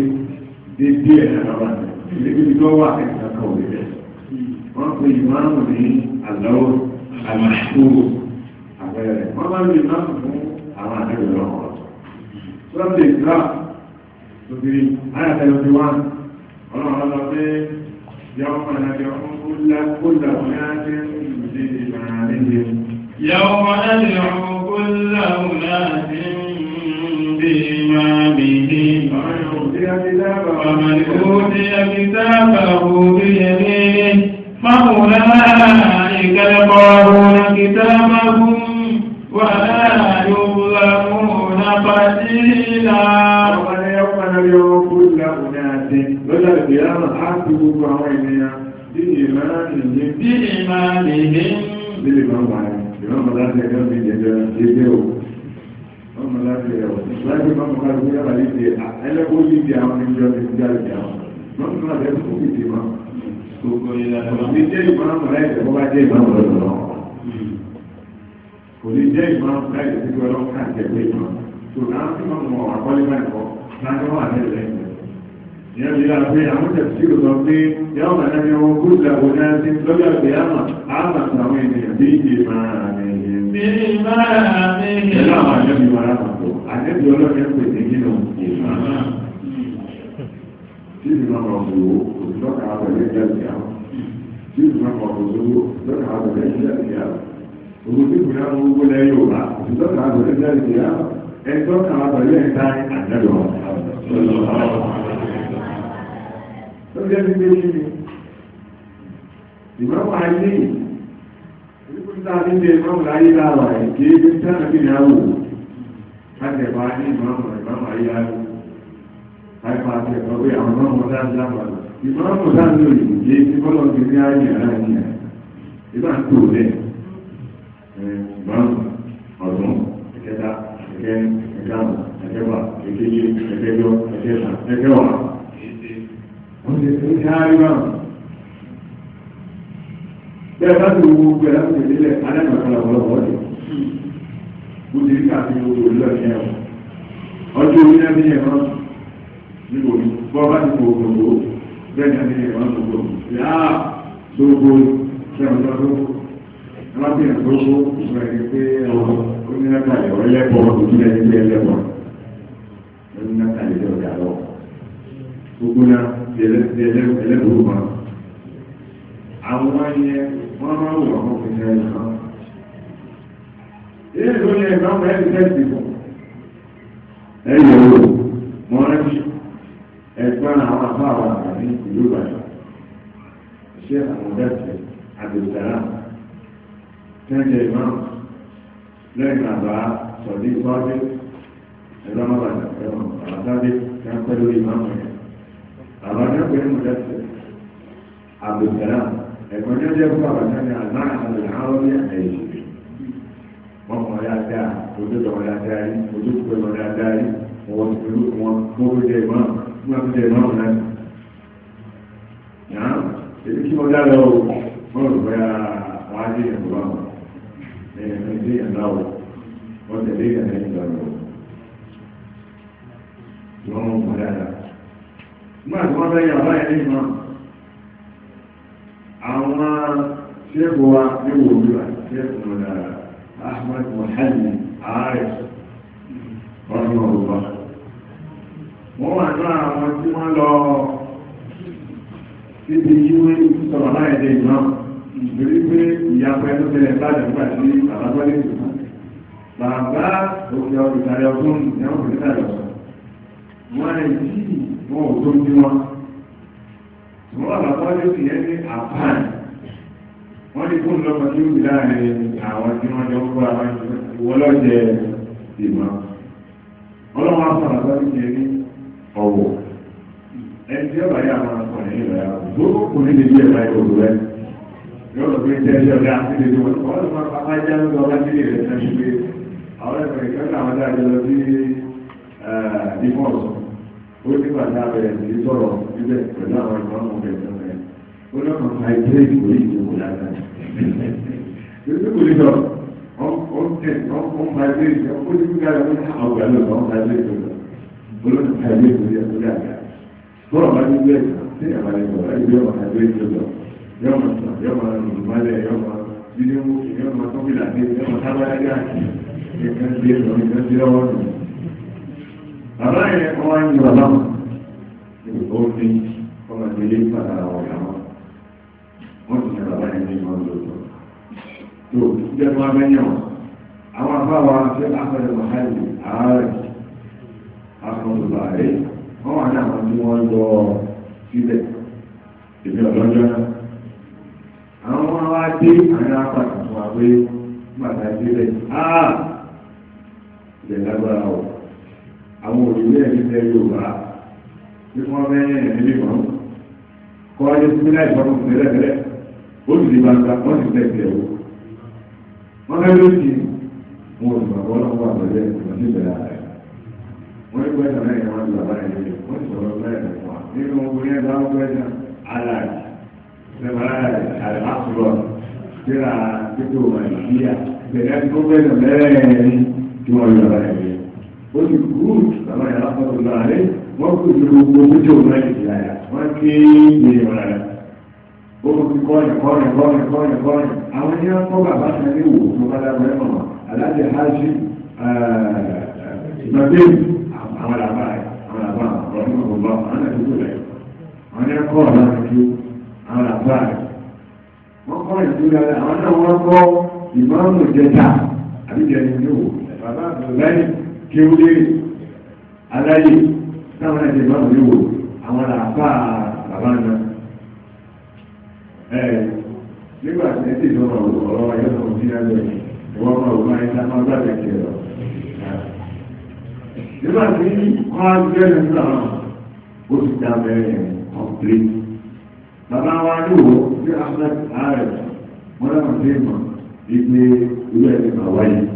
dé díẹ̀ nàbàbà níbi tó wà kẹ́kẹ́ kan ò lè wọ́n pe ìmáàmù ní àlọ́wọ́ lòdìrí ayàtẹ̀lọ́dì wá ọlọ́run lọ pé yàwó mọ̀lẹ́dẹ̀ ọkùnlá kólà mọ̀lẹ́dẹ̀ ìlúdé ìbàrànlẹ́dẹ̀ yàwó mọ̀lẹ́dẹ̀ ọkùnlá mọ̀lẹ́dẹ̀ ìlúdé ìbàrànlẹ́dẹ̀ فأولئك يقرؤون كتابهم láti gbogbo àwọn ènìyàn bí ìmáà nìyí bí ìmáà nìyí bí ìmáà ní ìmáà mọ̀ láti ẹ̀kọ́ mi jẹjẹ jẹjẹ o wọ́n mọ̀ láti láti máa mọ̀ láti yára yìí di ẹlẹ́kọ́ yìí di àwọn ìjọ ti di àlè àwọn wọ́n mọ̀ láti ẹ̀kọ́ mi di ma. gbogbo ìlànà kò ní jẹ́ ìmáà mọ̀ láì tẹ̀ kó bá jẹ́ ìmáà mọ̀ lọ́wọ́ kò ní jẹ́ ìmáà mọ̀ láì tẹ̀ kó bá jẹ́ ìmáà mọ̀ lọ́wọ́ ìyẹn bí lára pé àwọn tẹ̀sí ìlú sọ pé yàwó màdá ni wọn kú ìlà òun náà ti lọ́jọ́ àgbè àmà àmà sí àwọn ènìyàn bí ìdè máa àmì yìí. bí máa àmì yìí. pẹ̀lú àwọn àjẹbí wa rámà tó àjẹbí ọlọ́run ẹ̀ pè ní nínú ìmọ̀ náà. tí ìdùnnà kan bò ó lọ́kà àbẹ̀lẹ̀ jáde àwọn tí ìdùnnà kan bò ó lọ́kà àbẹ̀lẹ̀ jáde àwọn òwòtí ìpínlẹ̀ àwọn owó lẹ́yìn òwà ìtọ́ka àbẹ̀lẹ̀ jáde àwọn ẹ̀tọ́ka àbẹ̀lẹ̀ ìta àjẹbí wa tó jẹ́ ní pé kí ni ìmọ̀mù ayé ìlú tá a nílé ìmọ̀mù láyé láwà ẹ̀ kí ebi tí a kí ni a wò láti ẹ̀fọ́ ayé ìmọ̀mù ìmọ̀mù ayé á lò láti máa fi ẹ̀fọ́ pé àwọn ìmọ̀mù dáńdá wà lọ ìmọ̀mù dáńdá yìí kì í ti bọ́lọ̀ ti ní ayé ara ẹ̀ nìyà ìbá ń tò lẹ̀ ìmọ̀mù ọ̀dún ẹ̀kẹta ẹ̀kẹ ẹ̀kẹta ẹ̀kẹwà oúnjẹ tó ń sáré náà bẹ́ẹ̀ bá ti wo gbogbo ẹ̀ láti tẹ̀lé lẹ̀ alẹ́mọ̀tàlá ọ̀lọ́wọ́ ọ̀dẹ̀ ó gbogbo ìlú ọ̀sẹ̀ ọjọ́ orí náà ní ẹ̀rọ níbo ni bọ́ bá ti wo ah, gbogbo bẹ́ẹ̀ náà ní tó kó ìgbà yẹn pé ọ̀rọ̀ ó ní gbogbo náà ẹlẹ́gbẹ̀rún ma àwọn ẹyẹ wọ́n máa wù àwọn òfin ẹ̀yẹ kan ilé ìlú ní ẹ̀gbọ́n mọ̀ ẹ̀sì tẹ́sì bọ̀ ẹ̀yẹ wò mọ́ rántí ẹ̀gbọ́n àwọn afọ àwọn àgbà ní ìlú ìbàdàn ṣé àwọn dẹ́sẹ̀ àgbèsàrà tẹ́jẹ̀ ìmọ̀ lẹ́yìn àbá sọ̀dí sọ́dí ẹ̀rọ mọ́bàdàn ẹ̀rọ àbájáde kí wọ́n pẹ́ lórí ìmọ̀ àwọn àwọn ẹgbẹ́ ní mọ̀lẹ́sẹ̀ àbùsẹ̀lá ẹ̀kọ́ ní ọjọ́ ẹ̀kọ́ àbàtà ní àlùmáà àti àwọn ẹ̀yìn wọn kàn dáadáa ojú tọ̀wọ́ dáadáa yìí ojú tọ̀wọ́ lọ dáadáa yìí wọn pẹ̀lú wọn mọ́tò jẹ ìmọ̀ wọn fi jẹ ìmọ̀ wọn láti. yàrá èyí kí wọ́n dá lọ o wọ́n rò pé àwọn ah, adé yẹn kò bá wọn ẹ̀yìn fún ilé yẹn láwọ̀ wọ́n tẹ̀lé yẹn lẹ́yìn lọ́wọ́. wọ́n mọ̀ dáadáa nígbà tí wọ́n fẹ́ yà báyìí ní ìmọ̀ àwọn ṣẹ́kù wa ní wòlú wa ṣẹ́kù wọn dà Ahmad Mohamed Arif ọdún ọ̀rọ̀ wọ́n wà ní àwọn tí wọ́n lọ síbi yíwé sọ̀rọ̀ láì dé ìmọ̀ wọn ẹ̀ tí wọn ò tó bí wọn wọn àlàfáà ló sì yẹn ní àfáàn wọn lè fún lọ́mọ tí ó wù láàrin àwọn tí wọ́n jọ ń kó àwọn ìwọlọ́jẹ ìmọ̀ ọlọ́wọ́n afọ àlàfáà ló sì yẹn ní ọ̀wọ̀ ẹni tí ó yà máa sọ ní ìlà gbogbo kò ní lè bí ẹ̀ka ìkòkò rẹ yóò lọ bí ẹ jẹ́ ẹjọ́ dáa sí lè dùn wọ́n lọ́wọ́ máa bá jẹ́ lọ́wọ́ láti lè rẹ̀ sẹ́yìn pé àwọn ẹ̀fọ́ ìkẹ́kọ̀ọ́ àwọn dáa divorce ó nígbà tá a bẹ̀rẹ̀ sí sọ̀rọ̀ níbẹ̀ pẹ̀lú àwọn ìmọ̀ ọmọ rẹ̀ tó rẹ̀ ó ní ọ̀nà hydrate kò ní ìdìbò dáadáa lórí kò ní lọ ó ń tẹ̀ ó ń hydrate ó ní gbígbá rẹ̀ ó ní àwọn ọ̀gá lọ́nà ó ń hydrate lọ́nà ó lọ́nà hydrate kò ní ẹ̀kọ́ dáadáa bọ́ọ̀ bá ní bẹ́ẹ̀ sí ìyàwó ìgbà ìgbé ọmọ hydrate lọ́nà yọ̀ọ̀mọ̀ sọ̀ yọ̀ọ̀mọ̀ lùmọ́lẹ̀ yọ̀ọ̀mọ̀ bílíọ̀mù yọ̀ọ̀mọ̀ tó bàbá yẹn wọ́n ń yọ náà ó fi ọmọdé lé padà ọ̀gá wọn wọ́n ti ní bàbá yẹn ní ìmọ̀ lóòótọ́ tó jẹ́ fún abẹ́yẹ̀ wọn àwọn afáwa tí afẹ́rẹ́ wàhálì ààrẹ akọ̀tùbà rẹ̀ wọ́n wà ní àwọn tí wọ́n lọ sílẹ̀ èmi ọ̀lọ́jọ́ náà àwọn wọn wá dé àwọn apàtàkùn àwé gbàgbà sílẹ̀ áà ìjẹ̀lágbára ọ̀ àwọn òrìlẹ̀ ìpínlẹ̀ Yorùbá tí wọ́n mẹ́rin ẹ̀mí lébọn kọ́ ẹni tí mílíọ̀nù ìfọ́nù tẹ́lẹ̀tẹ́lẹ̀ ó sì lè máa gba wọ́n sì tẹ̀sí ẹ̀wọ́ wọ́n fẹ́ lóṣì wọn ò gbàgbọ́ lọ́wọ́ àbẹ̀lẹ̀ ìgbọ̀nsí ìbẹ̀rẹ̀ àrẹ wọ́n ní pẹ́ẹ́sì náà yẹn wọ́n ti bàbá yẹn lé wọ́n ti sọ̀rọ̀ bẹ́ẹ̀ lọ fún wa nínú orin ẹ̀ láwọn pẹ́ẹ́sì aláàjì sẹ́fàlàyà àlùmásùlọ̀ síra títò màlìkíyà ìbẹ̀rẹ̀ ó sì kú bàbá yàrá fọ́tò náà rẹ̀ wọ́n kò ju gbogbo méjì òun láti di àyà wọ́n ké ní ìwọ̀n rẹ̀ ó ti kọ́yìn kọ́yìn kọ́yìn kọ́yìn kọ́yìn àwọn ẹni wọn kọ́ bàbá kan ní wò tó bá dábọ̀ ẹ̀mọ̀ aláṣẹ hajj ìgbàgbé àwọn làbá àwọn làbá ọ̀rọ̀ ní ọ̀rọ̀ àwọn ẹni tó rẹ̀ àwọn ẹni kọ́ ọ̀rọ̀ àti àwọn làbá rẹ̀ wọ́n kọ́ ìtura àwọn náà wọ́n kọ́ kí ó lé aláyè táwọn ẹ̀jẹ̀ máa ń wò àwọn àbá bàbá náà. nígbà tí ẹ ti sọ ọ̀rọ̀ ayọ́ náà sí ẹgbẹ́ ìwọ́n máa wò máa ń sá máa gbàgbé nígbà tí ó ti dá bàbá wa ní náà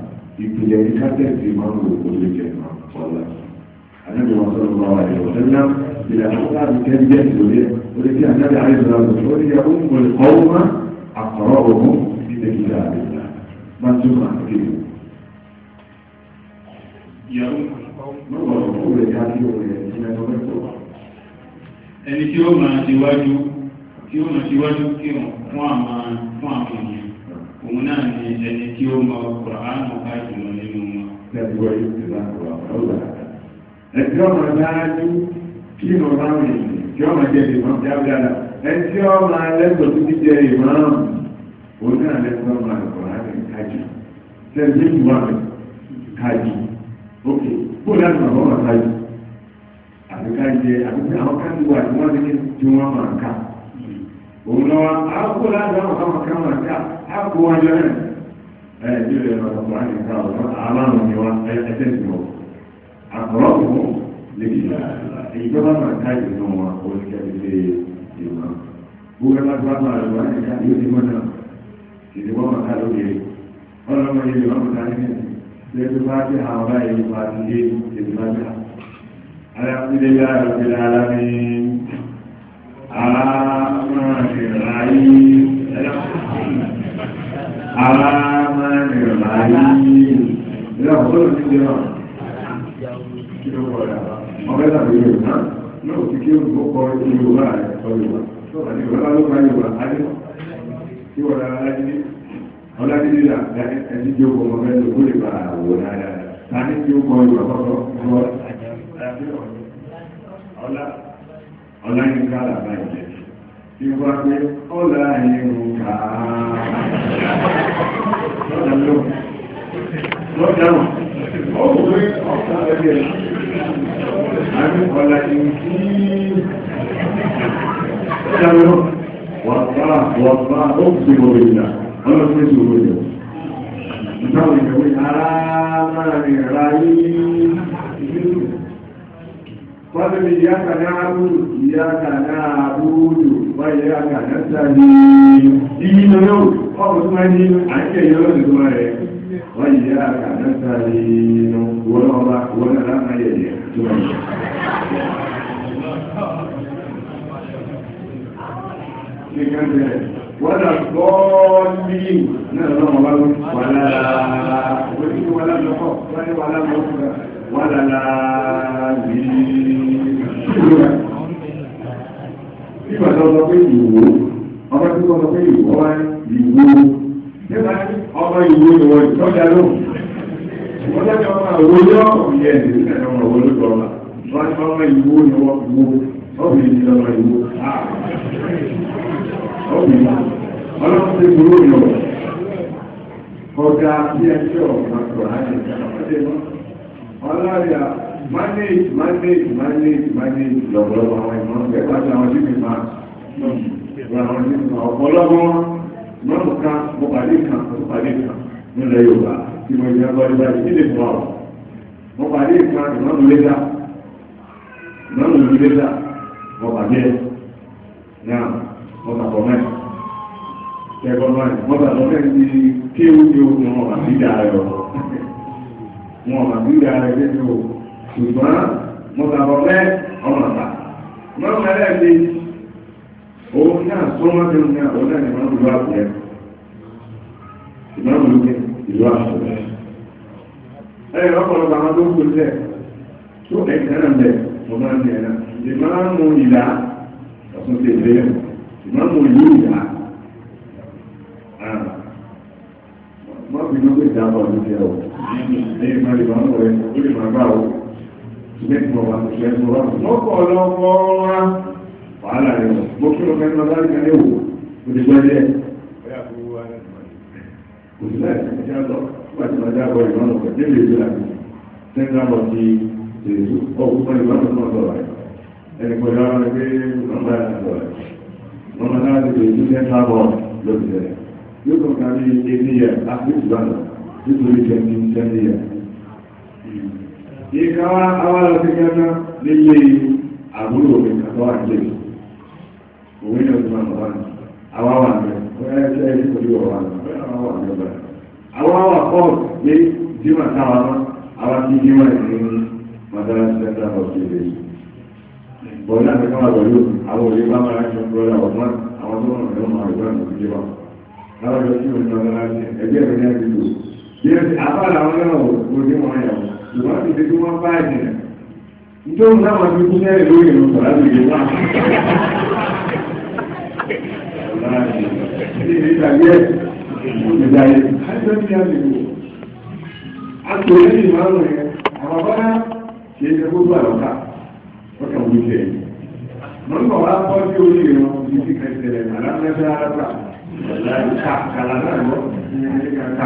ìpìlẹ̀ ní kápẹ́ǹtì máa ń wò ó lè jẹ ọ̀la. Ànábì wọn sọ̀rọ̀ bá wà lẹ́wọ̀ sẹ́lá ìlà àkọ́kọ́ àti kẹ́ńdẹ́ ìlòlẹ́ orí tí ànábì àìsàn àlọ́ ó ní yàgò ń wọlé ọ̀hún má àkọ́rọ̀ òun ìdè ìlà àdìlà máa tún máa ké. Ẹni tí ó máa ti wájú tí ó máa ti wájú kírun fún àwọn fún àwọn ènìyàn. òun náà ẹni tí ó mọ kùránù ká ka nínú wọn. lẹ́gbọ́ yìí ti bá kùránù ọ̀la. ẹtí ọmọ dáájú kí ni ọba mi tí ọmọ jẹ ìmọ̀ jábìlára ẹtí ọmọ lẹ́gbọ̀ọ́ ti jẹ ìmọ̀ òun náà ọmọ kùránù kó ọmọ àbíká jẹ àbíká àwọn wà tí wọ́n ti ká òun kó láti àwọn àpò wọn jẹ́ ẹ̀ ẹ̀ ìdílé ẹ̀rọ ọ̀pọ̀lọpọ̀ àyíká ọ̀rọ̀ aláwọ̀ ni wọn ẹ̀ẹ́dẹ́ sí wọn àpọ̀lọpọ̀ lè yà èyí tó bá máa ká ìdùnnú wọn ó ní kẹ́kẹ́ lé ìwà gbogbo ẹ̀ láti bá máa lọ àyíká yóò ti mọ́nà ìdí wọn máa ká lóye ọlọ́mọ yìí lè wọ́n máa ká ní lẹ́yìn bá ti hàn rabbil alamin àmọ́ ìràyè ẹ̀rọ Ọlájídílà ọlá ní ká làbá ìjẹ́ ìwà pé ó láàyè òǹkà lọ́dà ló lọ́dà wọn ó wù pé ọ̀sán ẹgbẹ́ rẹ̀ àbí ọ̀là ìrìnkí lọ́dà ló wàtá wàtá ó sì wọ ìlà ọlọ́dún méjì wọ ìlà ìtàwọn ìgbẹ̀wé ara máa rìn ráyé فضل إياك نعبد إياك نعبد وإياك نستعين دين يوم فضل مدين عنك يوم زمرك وإياك نستعين ونرى ونرى ما يليه ولا الضالين نرى ولا ولا ولا ولا ولا لا Nígbà tó sọ pé ìwò, ọmọ tí wọ́n sọ pé ìwò wá ìwò. Nígbà tí ọmọ ìwò ìwò ìtọ́jà ló. Wọ́n tẹ́lẹ̀ ọmọ ìwò yọ ìyẹn ìdílé ọmọ ìwò ló sọ̀rọ̀. Wọ́n ti ọmọ ìwò ni wọ́n fi wo. Ọ̀bì ni ọmọ ìwò. Ọ̀bì ni ọlọ́run ti burú yọ. Ọ̀gá bí ẹjọ́ ọ̀gá kò ráyè. Ọlọ́run manage manage manage manage lọ́pọ̀lọpọ̀ àwọn ìmọ̀ ẹ̀kọ́ àti àwọn jíjìn máa àwọn jíjìn máa ọ̀pọ̀lọpọ̀ mọ́rùn kan mo pàdé kan mo pàdé kan nílẹ̀ Yorùbá tí mo yẹ ọgbọ́n nígbà tí lè fọ́ ọ̀rọ̀ mo pàdé kan ìmọ̀rún lẹ́dà ìmọ̀rún lẹ́dà mo pàdé ẹ̀ náà mo pàpọ̀ mẹ́rin ẹ̀kọ́ máa ń mọ́ta lọ́fẹ́ ní kéwú ní ogun ọmọ àbídà rẹ̀ ọ̀rọ̀ wọn àbídà rẹ̀ lẹ́nu ṣùgbọ́n mọ̀tàbọ̀fẹ́ ọmọ ọ̀tà mọ́tò ẹlẹ́ẹ̀kejì òun náà sọ́mọ́ tó ní àwọn náà ní wọ́n lù àpẹ́ ìmọ̀ lù ní ìlú àpẹ́ ẹ̀yìn ọ̀pọ̀lọpọ̀ àwọn tó kù sílẹ̀ tó ẹ̀kẹ́ náà bẹ̀ mo máa ń bẹ̀ náà ìmọ̀ mú ìlà ọ̀tún ti ìbéèrè ìmọ̀ mú ìlú ìlà mọ́tò ìlú pé ìjà bọ̀ ló jẹ́ o ní ìmọ̀ lè máa bá o lọ́pọ̀lọpọ̀ wa wàhálà rẹ̀ mo kí ló fẹ́ẹ́ lọ́dá nígbà léwu mo ti gbọ́ ilé ẹ̀ kò sí láì sí ìjà lọ nígbà tí wọ́n jábọ̀ ìwọ́n lọ pẹ̀lú ìlú ìlú àti sẹ́ńtà lọ sí ìlú ọ̀gbọ́n ìwọ́n lọ náà lọ́wọ́ rẹ̀ ẹni pẹ̀lú àwọn ẹgbẹ́ nọ́mbà ìlú rẹ̀ nọ́mbà náà ti pè ní sẹ́ńtà lọ lọ́sẹ̀ yóò kàn ká ní eighty years àti ìgbà náà nítorí twenty twenty years ìka wá awára sí gánà nílé àbúrò mi kàtọ́ àjẹ́ òwe ní ọdún àwọn wà ní àwọn wà ní ọ̀rẹ́ ẹ̀ṣẹ́ ìkòlú ọ̀wà ní àwọn wà ní ọ̀bà àwọn wà pọ̀ pé jíwà táwa náà àwọn ti jíwà ní madara central hospital bọ̀dá àti káwà pẹ̀lú àwọn òye bá máa ń ṣe ọ̀pọ̀lọpọ̀ ọ̀gbọ́n àwọn tó wà lọ́wọ́ àwọn ìgbà ní ìjọba láwọn ọjọ́ tí wọ́n ń lọ láti ẹgbẹ́ ìrìnàjò bí ẹni àbára àwọn ẹ̀rọ òkú ní wọ́n yà wọ́n ṣùgbọ́n ti di kí wọ́n bá ìjìnlẹ̀ nítorí náà wọ́n ti kú sẹ́yìn lórí ìlú sọ̀rọ̀ láti ìlú náà. Ṣé ìdí ìtàgé ẹ̀ ìjà yẹn? Àìsàn ti yà lèbo. A tò lẹ́yìn ìmọ̀ràn yẹn, àwọn bọ́lá ṣe é ṣe gbogbo àlọ́ká, wọ́n kàn wí jẹ. Mọ̀nbọ̀ wa kọ́ sí orí ìran ní ti kẹsẹ̀rẹ̀ àlámẹ́fẹ́ arábà. Ìta kàlà náà lọ, ìyẹn ní kàkà.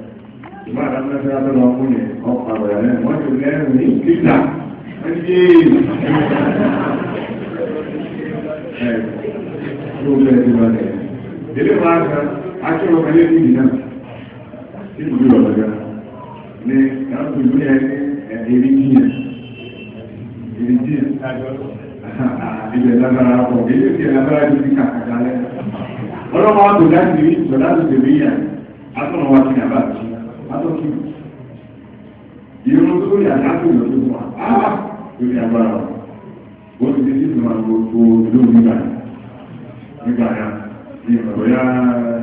ṣùgbọ́n àdá fẹ́ fẹ́ abẹ́ lọ fún yẹn ọkọ̀ àwẹ̀ rẹ̀ wọ́n ti lẹ́rìn ní títà ẹ̀yẹ ẹ̀ ló bẹ̀rẹ̀ ti lọ rẹ̀ ilé wa ta akérò kẹlẹ́ ní ìdí náà tí mo lọ lọ́jà ní káàpù ìlú yẹn ẹ̀ẹ́dì jìyàn ẹ̀ẹ́dì jìyàn ibẹ̀ lágbára pọ̀ ilé ti lágbára ti fi kàkàkà lẹ́nu ọlọ́wọ́ àtòjá ti rí ìtọ́lá ti tẹ̀lé yẹn atọ́nà wa ti yàrá ti látọ́kì irun tó yà láti lọ sí wa á lórí agbára o ti di sísun máa gbogbo ìlú nígbà nígbà yá ní ìrọ̀lọ́ yá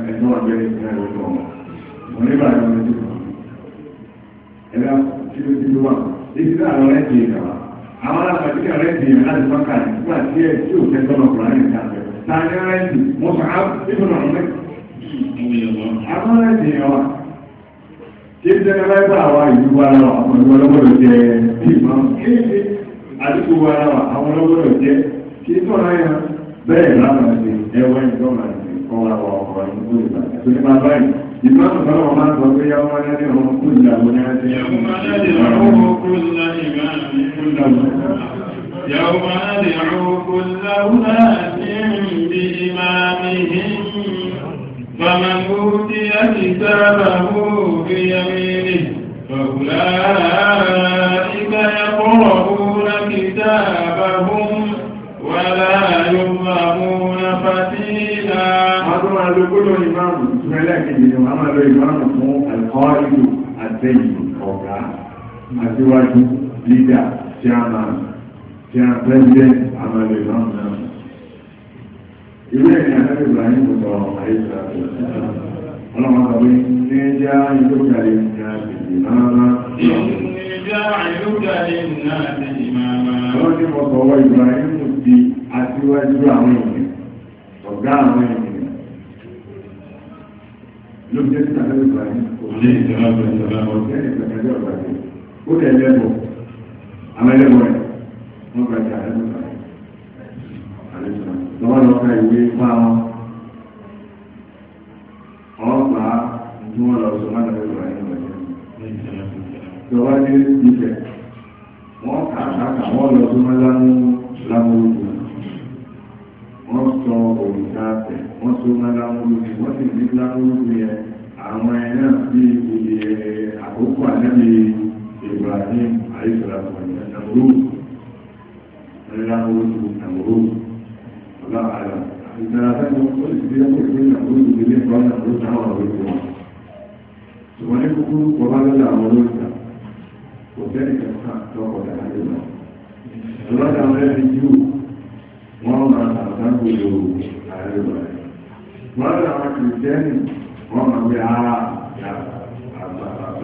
ẹ̀gbọ́n àgbẹ̀ ìpínlẹ̀ ìlú ọmọ wọn nígbà yá wọn ti sùn ẹ̀dá kí ló ti ló wà èyí náà lọ rẹ̀ dìé kàwá àwọn alábàátíkà rẹ̀ dìé láti má kà nígbà tí ẹ̀ tí ò fẹ́ tọ́nà kùrán ní ìta bẹ̀rẹ̀ tani rẹ̀ dì mọ́sàn-án ìfọ̀nà rẹ̀ àwọn rẹ̀ dìé ṣé jẹnẹrẹ́tà wa ìlú wa náà àwọn ìlú ọlọ́gbọ́dọ̀ jẹ ìmọ̀ kéde àdúgbò wa náà àwọn ọlọ́gbọ́dọ̀ jẹ kí n tọ́ra yẹn bẹ́ẹ̀ lánàá ṣe ẹwẹ́ ìjọba ṣe kọ́ wa wọ ọ̀rọ̀ ìlú ìbàdàn tó ní máa báyìí ìmọ̀ ọ̀sán wọn máa ń sọ pé yàwó wọn ní ọmọ kú ìlà wọn ní ẹni yàwó wọn ní ọmọ kú ìlà ìgbà ní kú ìlà wọn yàwó wọn ní ọmọ kú ìlà wọn ní ìmọ̀ فمن أوتي كتابه بيمينه فأولئك يقرؤون كتابهم ولا يظلمون فتيلا أدوى لكل إمام ملك الإمام الإمام هو القائد الدين أوكا أزواج ليدا chairman chairman president àmàlẹ̀ ìlànà ìwé ẹ̀yìn àtàkì ìbìláyìn kò sọ àyíká ọlọ́run sọ pé ní ẹjá ìlúkàlẹ̀ ní àbìdì máa Ọlọ́run ní mo sọ̀wọ́ ìbìláyìn kò di aṣíwájú àwọn ènìyàn, ọ̀gá àwọn ènìyàn. Ló jẹ́ sí àtàkì ìbìláyìn kò lè jẹ́ ọ̀gá ìjọba ọ̀gá ó lè lẹ́bọ̀ àwọn ẹlẹ́bọ̀ rẹ̀ wọ́n gba ìjà ẹlẹ́bọ̀ rẹ̀ àlejò náà lọ́wọ́ lọ ka ìwé ipá wọn ọgbà tí wọ́n lọ sọmọ́ lọ sọmọ́ ẹ̀yìn lọ́jọ́ lọ́wọ́ ní ìfẹ́ wọ́n kà kàkà wọ́n lọ sọmọ́ lámú lámúrúkú wọ́n sọ òrùka tẹ̀ wọ́n sọmọ́ lámúrúkú wọ́n sì ní lámúrúkú yẹn àwọn ẹ̀ náà bí ibi àkókò ànábi Ibrahim àyíṣẹ́ làkùnrin ẹ̀ ẹ̀ lámúrúkú لا أعلم إذا أعلم قلت بي أقول بي أقول بي أقول بي أقول بي ṣùgbọ́n ní kúkúrú kọ bá àwọn olóòtà kò tẹ́lẹ̀ kẹta lọ́kọ̀ọ́dà ayé lọ. lọ́dọ̀ àwọn ẹni jù wọ́n máa àtàkùnlò ayé lọ. lọ́dọ̀ àwọn kìrìtẹ́nì wọ́n máa gbé ara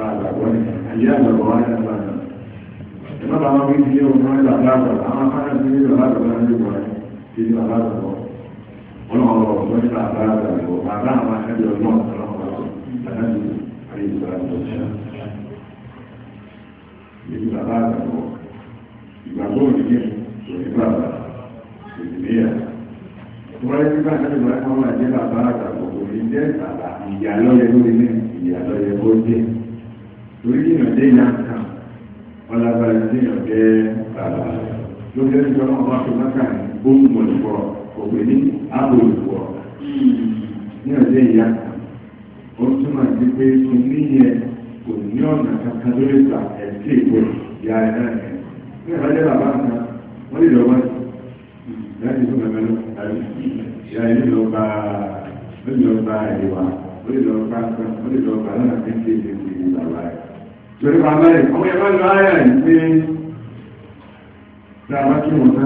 àgbàgbọ́ ní ayé àwọn afárá tí bàbá rẹ̀ bọ̀. wọ́n náà lọ sọ ní bàbá rẹ̀ bọ̀ bàbá àwọn akẹ́bí ọ̀nà ọ̀sán wọn lọ láti ayé ìgbàlá tó ṣá. Èyí bàbá rẹ̀ bọ̀ ìgbàgbọ́ òdìgẹ́ tó ní bàbá ìdílé wọ́n yẹ kíkọ́ àti ìgbà kan wà jẹ́ bàbá àgbàgbọ́ kò ní jẹ́ bàbá ìyá lọ́yẹ lórí ní ìyá lọ́yẹ ó jẹ́ torí ìyàn dé ìyá kan ọ̀làbàlẹ̀ ìyàn jẹ́ bàbá lórí ẹni tó náà wọ́n fi mọ́kà ní gbogbo ìfọ̀ òpè ní abo ìfọ̀ ní ọjọ́ ìyá ó túmọ̀ sí pé fún na yẹn kò ní ọ̀nà kankan lórí ìgbà ẹ̀sìn ìpò ìyá ẹ̀ náà yẹn ní ìbájẹ́ bàbá kan wọ́n lè lọ́wọ́ hmm. láti fún ẹ̀mẹ́ lọ àbí ìyá a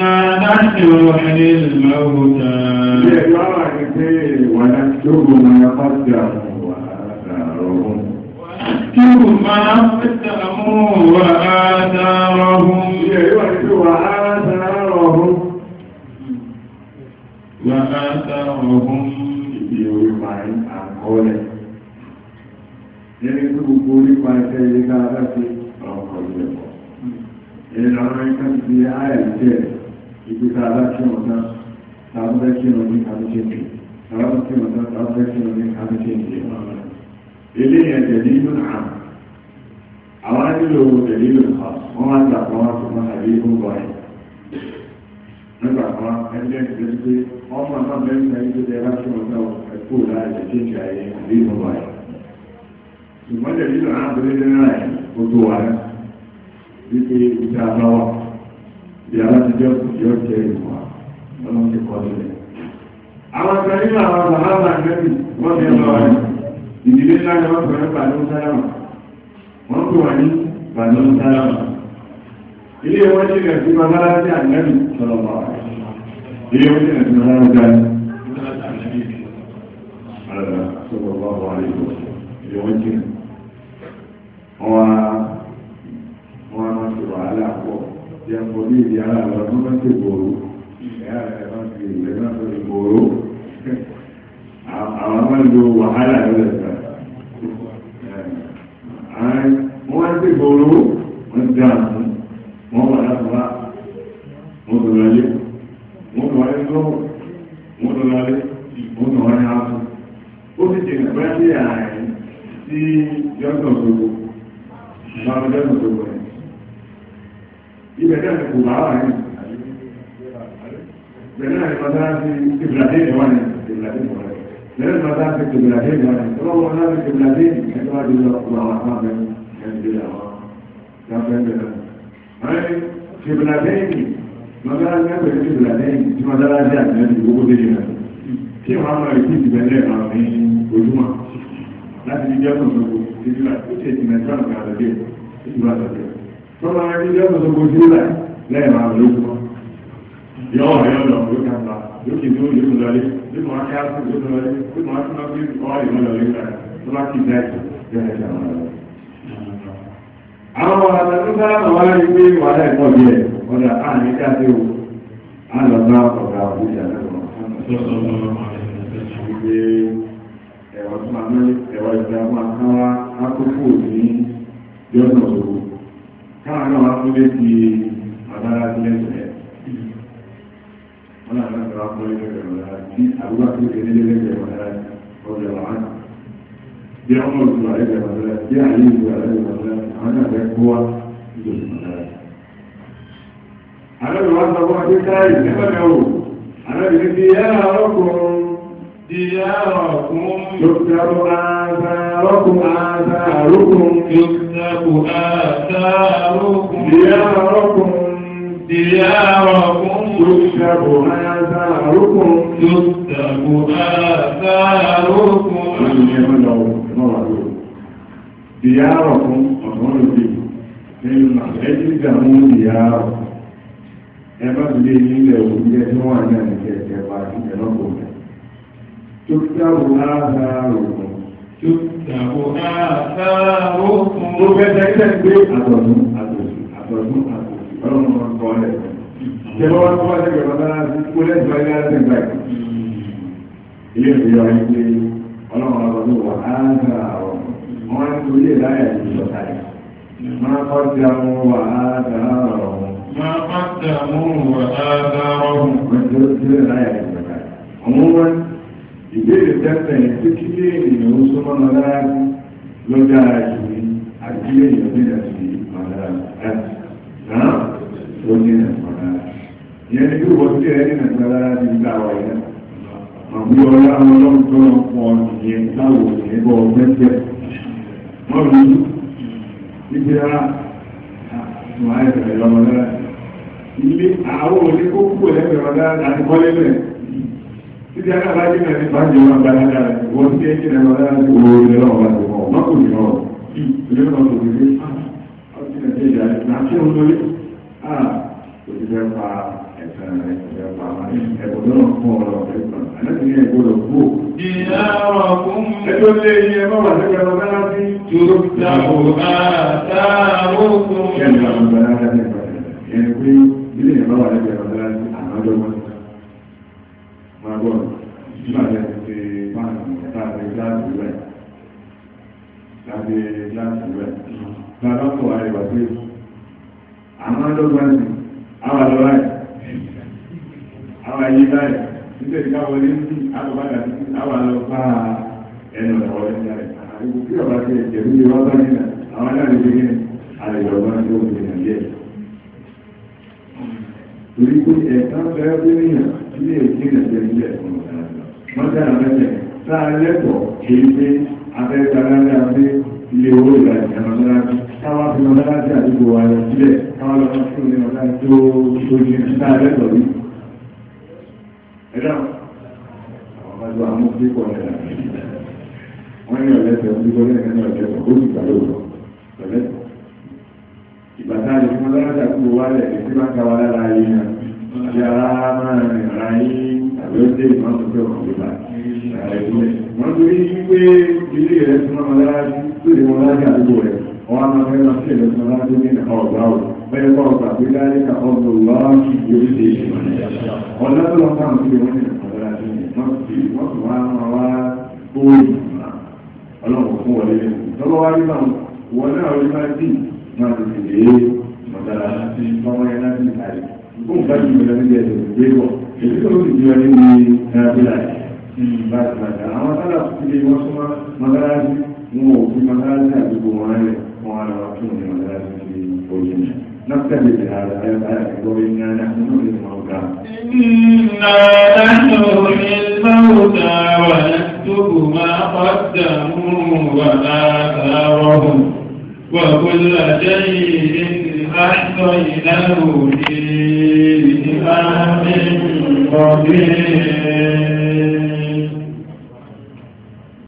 إنا نحن نحيي الموتى لترى كثير ونكتب ما قدموا وآثارهم ونكتب ما قدموا وآثارهم وآثارهم وآثارهم يومين àkọọ́lẹ̀ nínú tó gbogbo nípa ẹsẹ̀ yìí ká láti ọkọ̀ ìlẹ̀kọ̀ ìlànà ìkàtí ayẹ̀lẹ́jẹ̀ ibi tá kí wọn tán táwọn kí wọn ní àbújá jù táwọn kí wọn tán táwọn kí wọn ní àbújá jù eléyìí ẹ̀jẹ̀ ní ìlú náà àwọn nílò ẹ̀lí lò náà wọ́n máa gbà kan wá fún àbí ìlú bọ̀ nígbà kan ẹgbẹ́ ìgbẹ́ pé wọ́n máa bá bẹ́ẹ̀ nípa ìlú tẹ́ bá kí wọn tán ẹ̀kú láàyè tí ìjà ẹ̀ àbí ìlú bọ̀ yàrá ti jẹ́ yóò jẹ́ ìwà lọ́nà ti kọ́ nílẹ̀. Àwọn kan nínú àwọn sàhábà àgbẹ̀bì wọ́n fi lọ rẹ̀. Ìdílé ńlá ni wọ́n pẹ̀lú Bàdó Sáyàmà. Wọ́n pè wọ́n ní Bàdó Sáyàmà. Ilé wọn ti rẹ̀ sí Babalá sí àgbẹ̀bì sọ̀rọ̀ bá wà. Ilé wọn ti rẹ̀ sí Babalá sí àgbẹ̀bì. Àlọ́ sọ̀rọ̀ bá wà lè lọ. Ilé wọn ti rẹ̀. Wọ́n á jẹ́ mọ́ bí ìdí ara rẹ̀ tó máa ń tè bòrò ìyá rẹ̀ máa ń fi ìwé náà tó ti bòrò àwọn máa ń lo wàhálà lọ́lẹ̀ kan. wọ́n ń tè bòrò wọ́n ti dáhùn fún wọ́n wà láti wá wọ́n tó lọ lé wọ́n tó wá lé lọ́wọ́ wọ́n tó lọ lé wọ́n tó wá ní àpò. ó ti jẹ́ ìgbà tí àárín sí jọ́sọ̀ gbogbo. Ìgbà tí jọ́sọ̀ gbogbo ibẹ̀ náà ni kò bá wà ní ibẹ̀ náà ni bàtà sí ìbìlàdé ìwà ní ìbìlàdé ìwà ní lẹ́yìn bàtà sí ìbìlàdé ìwà ní ọlọ́wọ́ náà sí ìbìlàdé ẹ̀tọ́ àti ìlọ ọ̀pọ̀ àwọn àpapẹ̀ ẹ̀ǹdẹ̀ àwọn jáfẹ́ ń bẹ̀rẹ̀ ààrẹ ìbìlàdé ìwà màtà sí ẹgbẹ̀rẹ̀ ìbìlàdé ìwà tí màtà sí àtìlẹ́yìn gbogbo dé ìrìn àjò kí wọ́n máa rí ìdìbẹ̀lẹ̀ àwọn ní ojúmọ̀ láti ní jẹ́ ọ̀nà gbogbo títí láti ó ṣe ìtìmẹ̀tì tó máa rí yọ́nà tó gbójú rẹ̀ káwọn náà wá fún létí ọ̀dára sí lẹ́sẹ̀ rẹ̀ wọ́n náà lọ́sẹ̀ wá fún lẹ́sẹ̀ rẹ̀ ọ̀dára sí àbúrò àti ìṣẹ̀lẹ̀ lẹ́sẹ̀ rẹ̀ ọ̀dára sí ọ̀dọ̀ àwọn bí ọmọ òṣù àlẹ́sẹ̀ ọ̀dára sí àyè ìlú àlẹ́sẹ̀ ọ̀dára sí àwọn náà fẹ́ kó wá ìjọsìn ọ̀dára sí. àlọ́bì wá sọ fún ọdún káyì nígbàgbẹ́ o آثاركم آثاركم يتبع آثاركم دياركم دياركم يكتب آثاركم يكتب آثاركم دياركم أظن به nínú ẹ̀jú ìdààmú ìyá ẹ má ti lé ní ilẹ̀ òwúrẹ́ tí wọ́n wà ní àyẹ̀kẹ́ ẹ̀kẹ́ bá ti tẹ̀lọ́pọ̀ rẹ̀ tó kí á wò á ha rò Tó bẹ́ẹ̀ tẹ́lẹ̀ pé àtọ̀dún àtọ̀dún àtọ̀dún àtọ̀dún ọlọ́run kan kọ́ ẹ̀. Ìjọba wọn kọ́ ẹ̀ lẹ́gbẹ̀ẹ́ bàbá kó lẹ́gbẹ̀ẹ́ ayé láti gbà ẹ̀. Ilé ìwé wa yìí pé ọlọ́run àtọ̀dún wà á ń gbà ọ̀rọ̀. Wọ́n á ń torí ẹ̀ láyà ìjọba yìí. Máa kọ́ ti àwọn wà á gbà ọ̀rọ̀. Máa kọ́ ti àwọn wà á gbà ọ̀rọ̀. Wọ́n ti ìbéèrè tẹ́tẹ̀ tí kí lé ènìyàn ó súnmọ́ lọ́dára ló dára jù ní àdílé èèyàn nígbà tí ọ̀dára láti náà ó ní ẹ̀kọ́dára ìyẹn ni yóò wọ́n tí ẹ ní ẹ̀kọ́dára ti gbà wà yẹn àbí ọlá ọlọ́run tó lọ pọ̀ ìyẹn táwọn òṣèré bọ̀ ọgbẹ́sẹ̀ wọ́n rí ibi ara wọ́n á ẹ̀kọ́ ìlọ́mọdára ilé àwọn òní kó kúrò lẹ́gbẹ̀ẹ́ títí alábàájì náà ti bá jẹun agbára rẹ wọ́n ti ẹ́ kíni ẹ̀rọ láti wo ilé náà wà tó mọ̀ má kò ní ọ̀ sí ilé náà tó ní ọtí náà ti yà náà tí ó ń lórí à kò ti fẹ́ pa ẹ̀sán rẹ̀ kò fẹ́ pa àmà ẹ̀kọ́ tó náà fún ọ̀rọ̀ ọ̀fẹ́ kan àlẹ́sìn ní ẹ̀kọ́ lọ kú. ìyá ọ̀rọ̀ fún mi. ẹjọ́ lé iye ẹ má wà lẹ́gbẹ̀ẹ́ lọ bẹ́ẹ̀ láti. tòkítàwò àtàwọ̀ fún mi. kẹ́ gbọ́dọ̀ nígbà tí a ti ṣe báńkì nígbà tí gíláàsì rẹ̀ láti gíláàsì rẹ̀ lábá kọ̀ wá ìwà pé àmọ́ lọ́gbà ní àwà lọ láì àwà yí láì nígbà tí káwọlé ń bí àbúbádà sí àwà lọ bá ẹnu ọ̀rọ̀ ẹ̀ láì àbúkú kí ọba ti ẹ̀jẹ̀ ní ìwà bá nínà àwọn aláàbí ṣe kí ni àlejò ọgbà tó ń gbé níyàn ilé ìjìnlẹ̀ jẹ́ ilé ẹ̀kọ́ mọ́tà àmẹ́jẹ̀ tá a lẹ́kọ̀ọ́ kìí pé abẹ́gbàlájà pé ilé owó ìlàjì àmọ́sárájú táwa fi mọ́sárájú àdúgbò wa lọ sílẹ̀ káwa lọ sí òní ọ̀dá tó tóbi tá a lẹ́kọ̀ọ́ rí. ẹ dáhùn àwọn ọmọdé àwọn ọmọdé pọ̀ lẹ́la wọ́n ní ọ̀lẹ́sẹ̀ onígbó lẹ́yìn ní ọ̀lẹ́sẹ̀ ó sì gbà lóòrọ̀ ọ̀lẹ́sẹ̀ ìgbà tá a yàrá máa rìn ara yín tàbí ó dé ìmọ̀ tó fẹ́ ọ̀kan gbígbà àìgbẹ́. wọ́n torí wípé ilé rẹ̀ tí wọ́n máa lára tó lè wọn lára àdúgbò rẹ̀ wọ́n á máa fẹ́ lọ sí ẹ̀rọ tí wọ́n lára tó ní ọ̀gbà ò bẹ́ẹ̀ bá ọ̀gbà pé láyé ká ọ̀gbà wá kí oríṣi ìṣẹ̀lẹ̀ ọ̀dọ́ tó lọ sáwọn tó lè wọ́n ní ọ̀gbà lára tó ní wọ́n sì wá máa wá bóyì ọlọ́run fún wọlé lọ́wọ́ dì máa tètè dé mọ̀tàlá ọmọ yẹn láti ìtàlẹ̀ fún ìgbàlù ìgbàlù ní ẹ̀sẹ̀ ìgbé wọ̀ èyí tó ló ti di ọdún ní nàbílà bàtàbàtà àwọn sálà ti di wọn súnmọ́ mọ́gárásí wọn ò fi mọ́gárásí àdúgbò wọn rẹ̀ wọn ara wa tún ní mọ́gárásí ti ojú náà. نبتدئ بهذا الآية وإنا نحن نحيي الموتى إنا نحن نحيي الموتى ونكتب ما قدموا وآثارهم وكل شيء أحصيناه في إمام قدير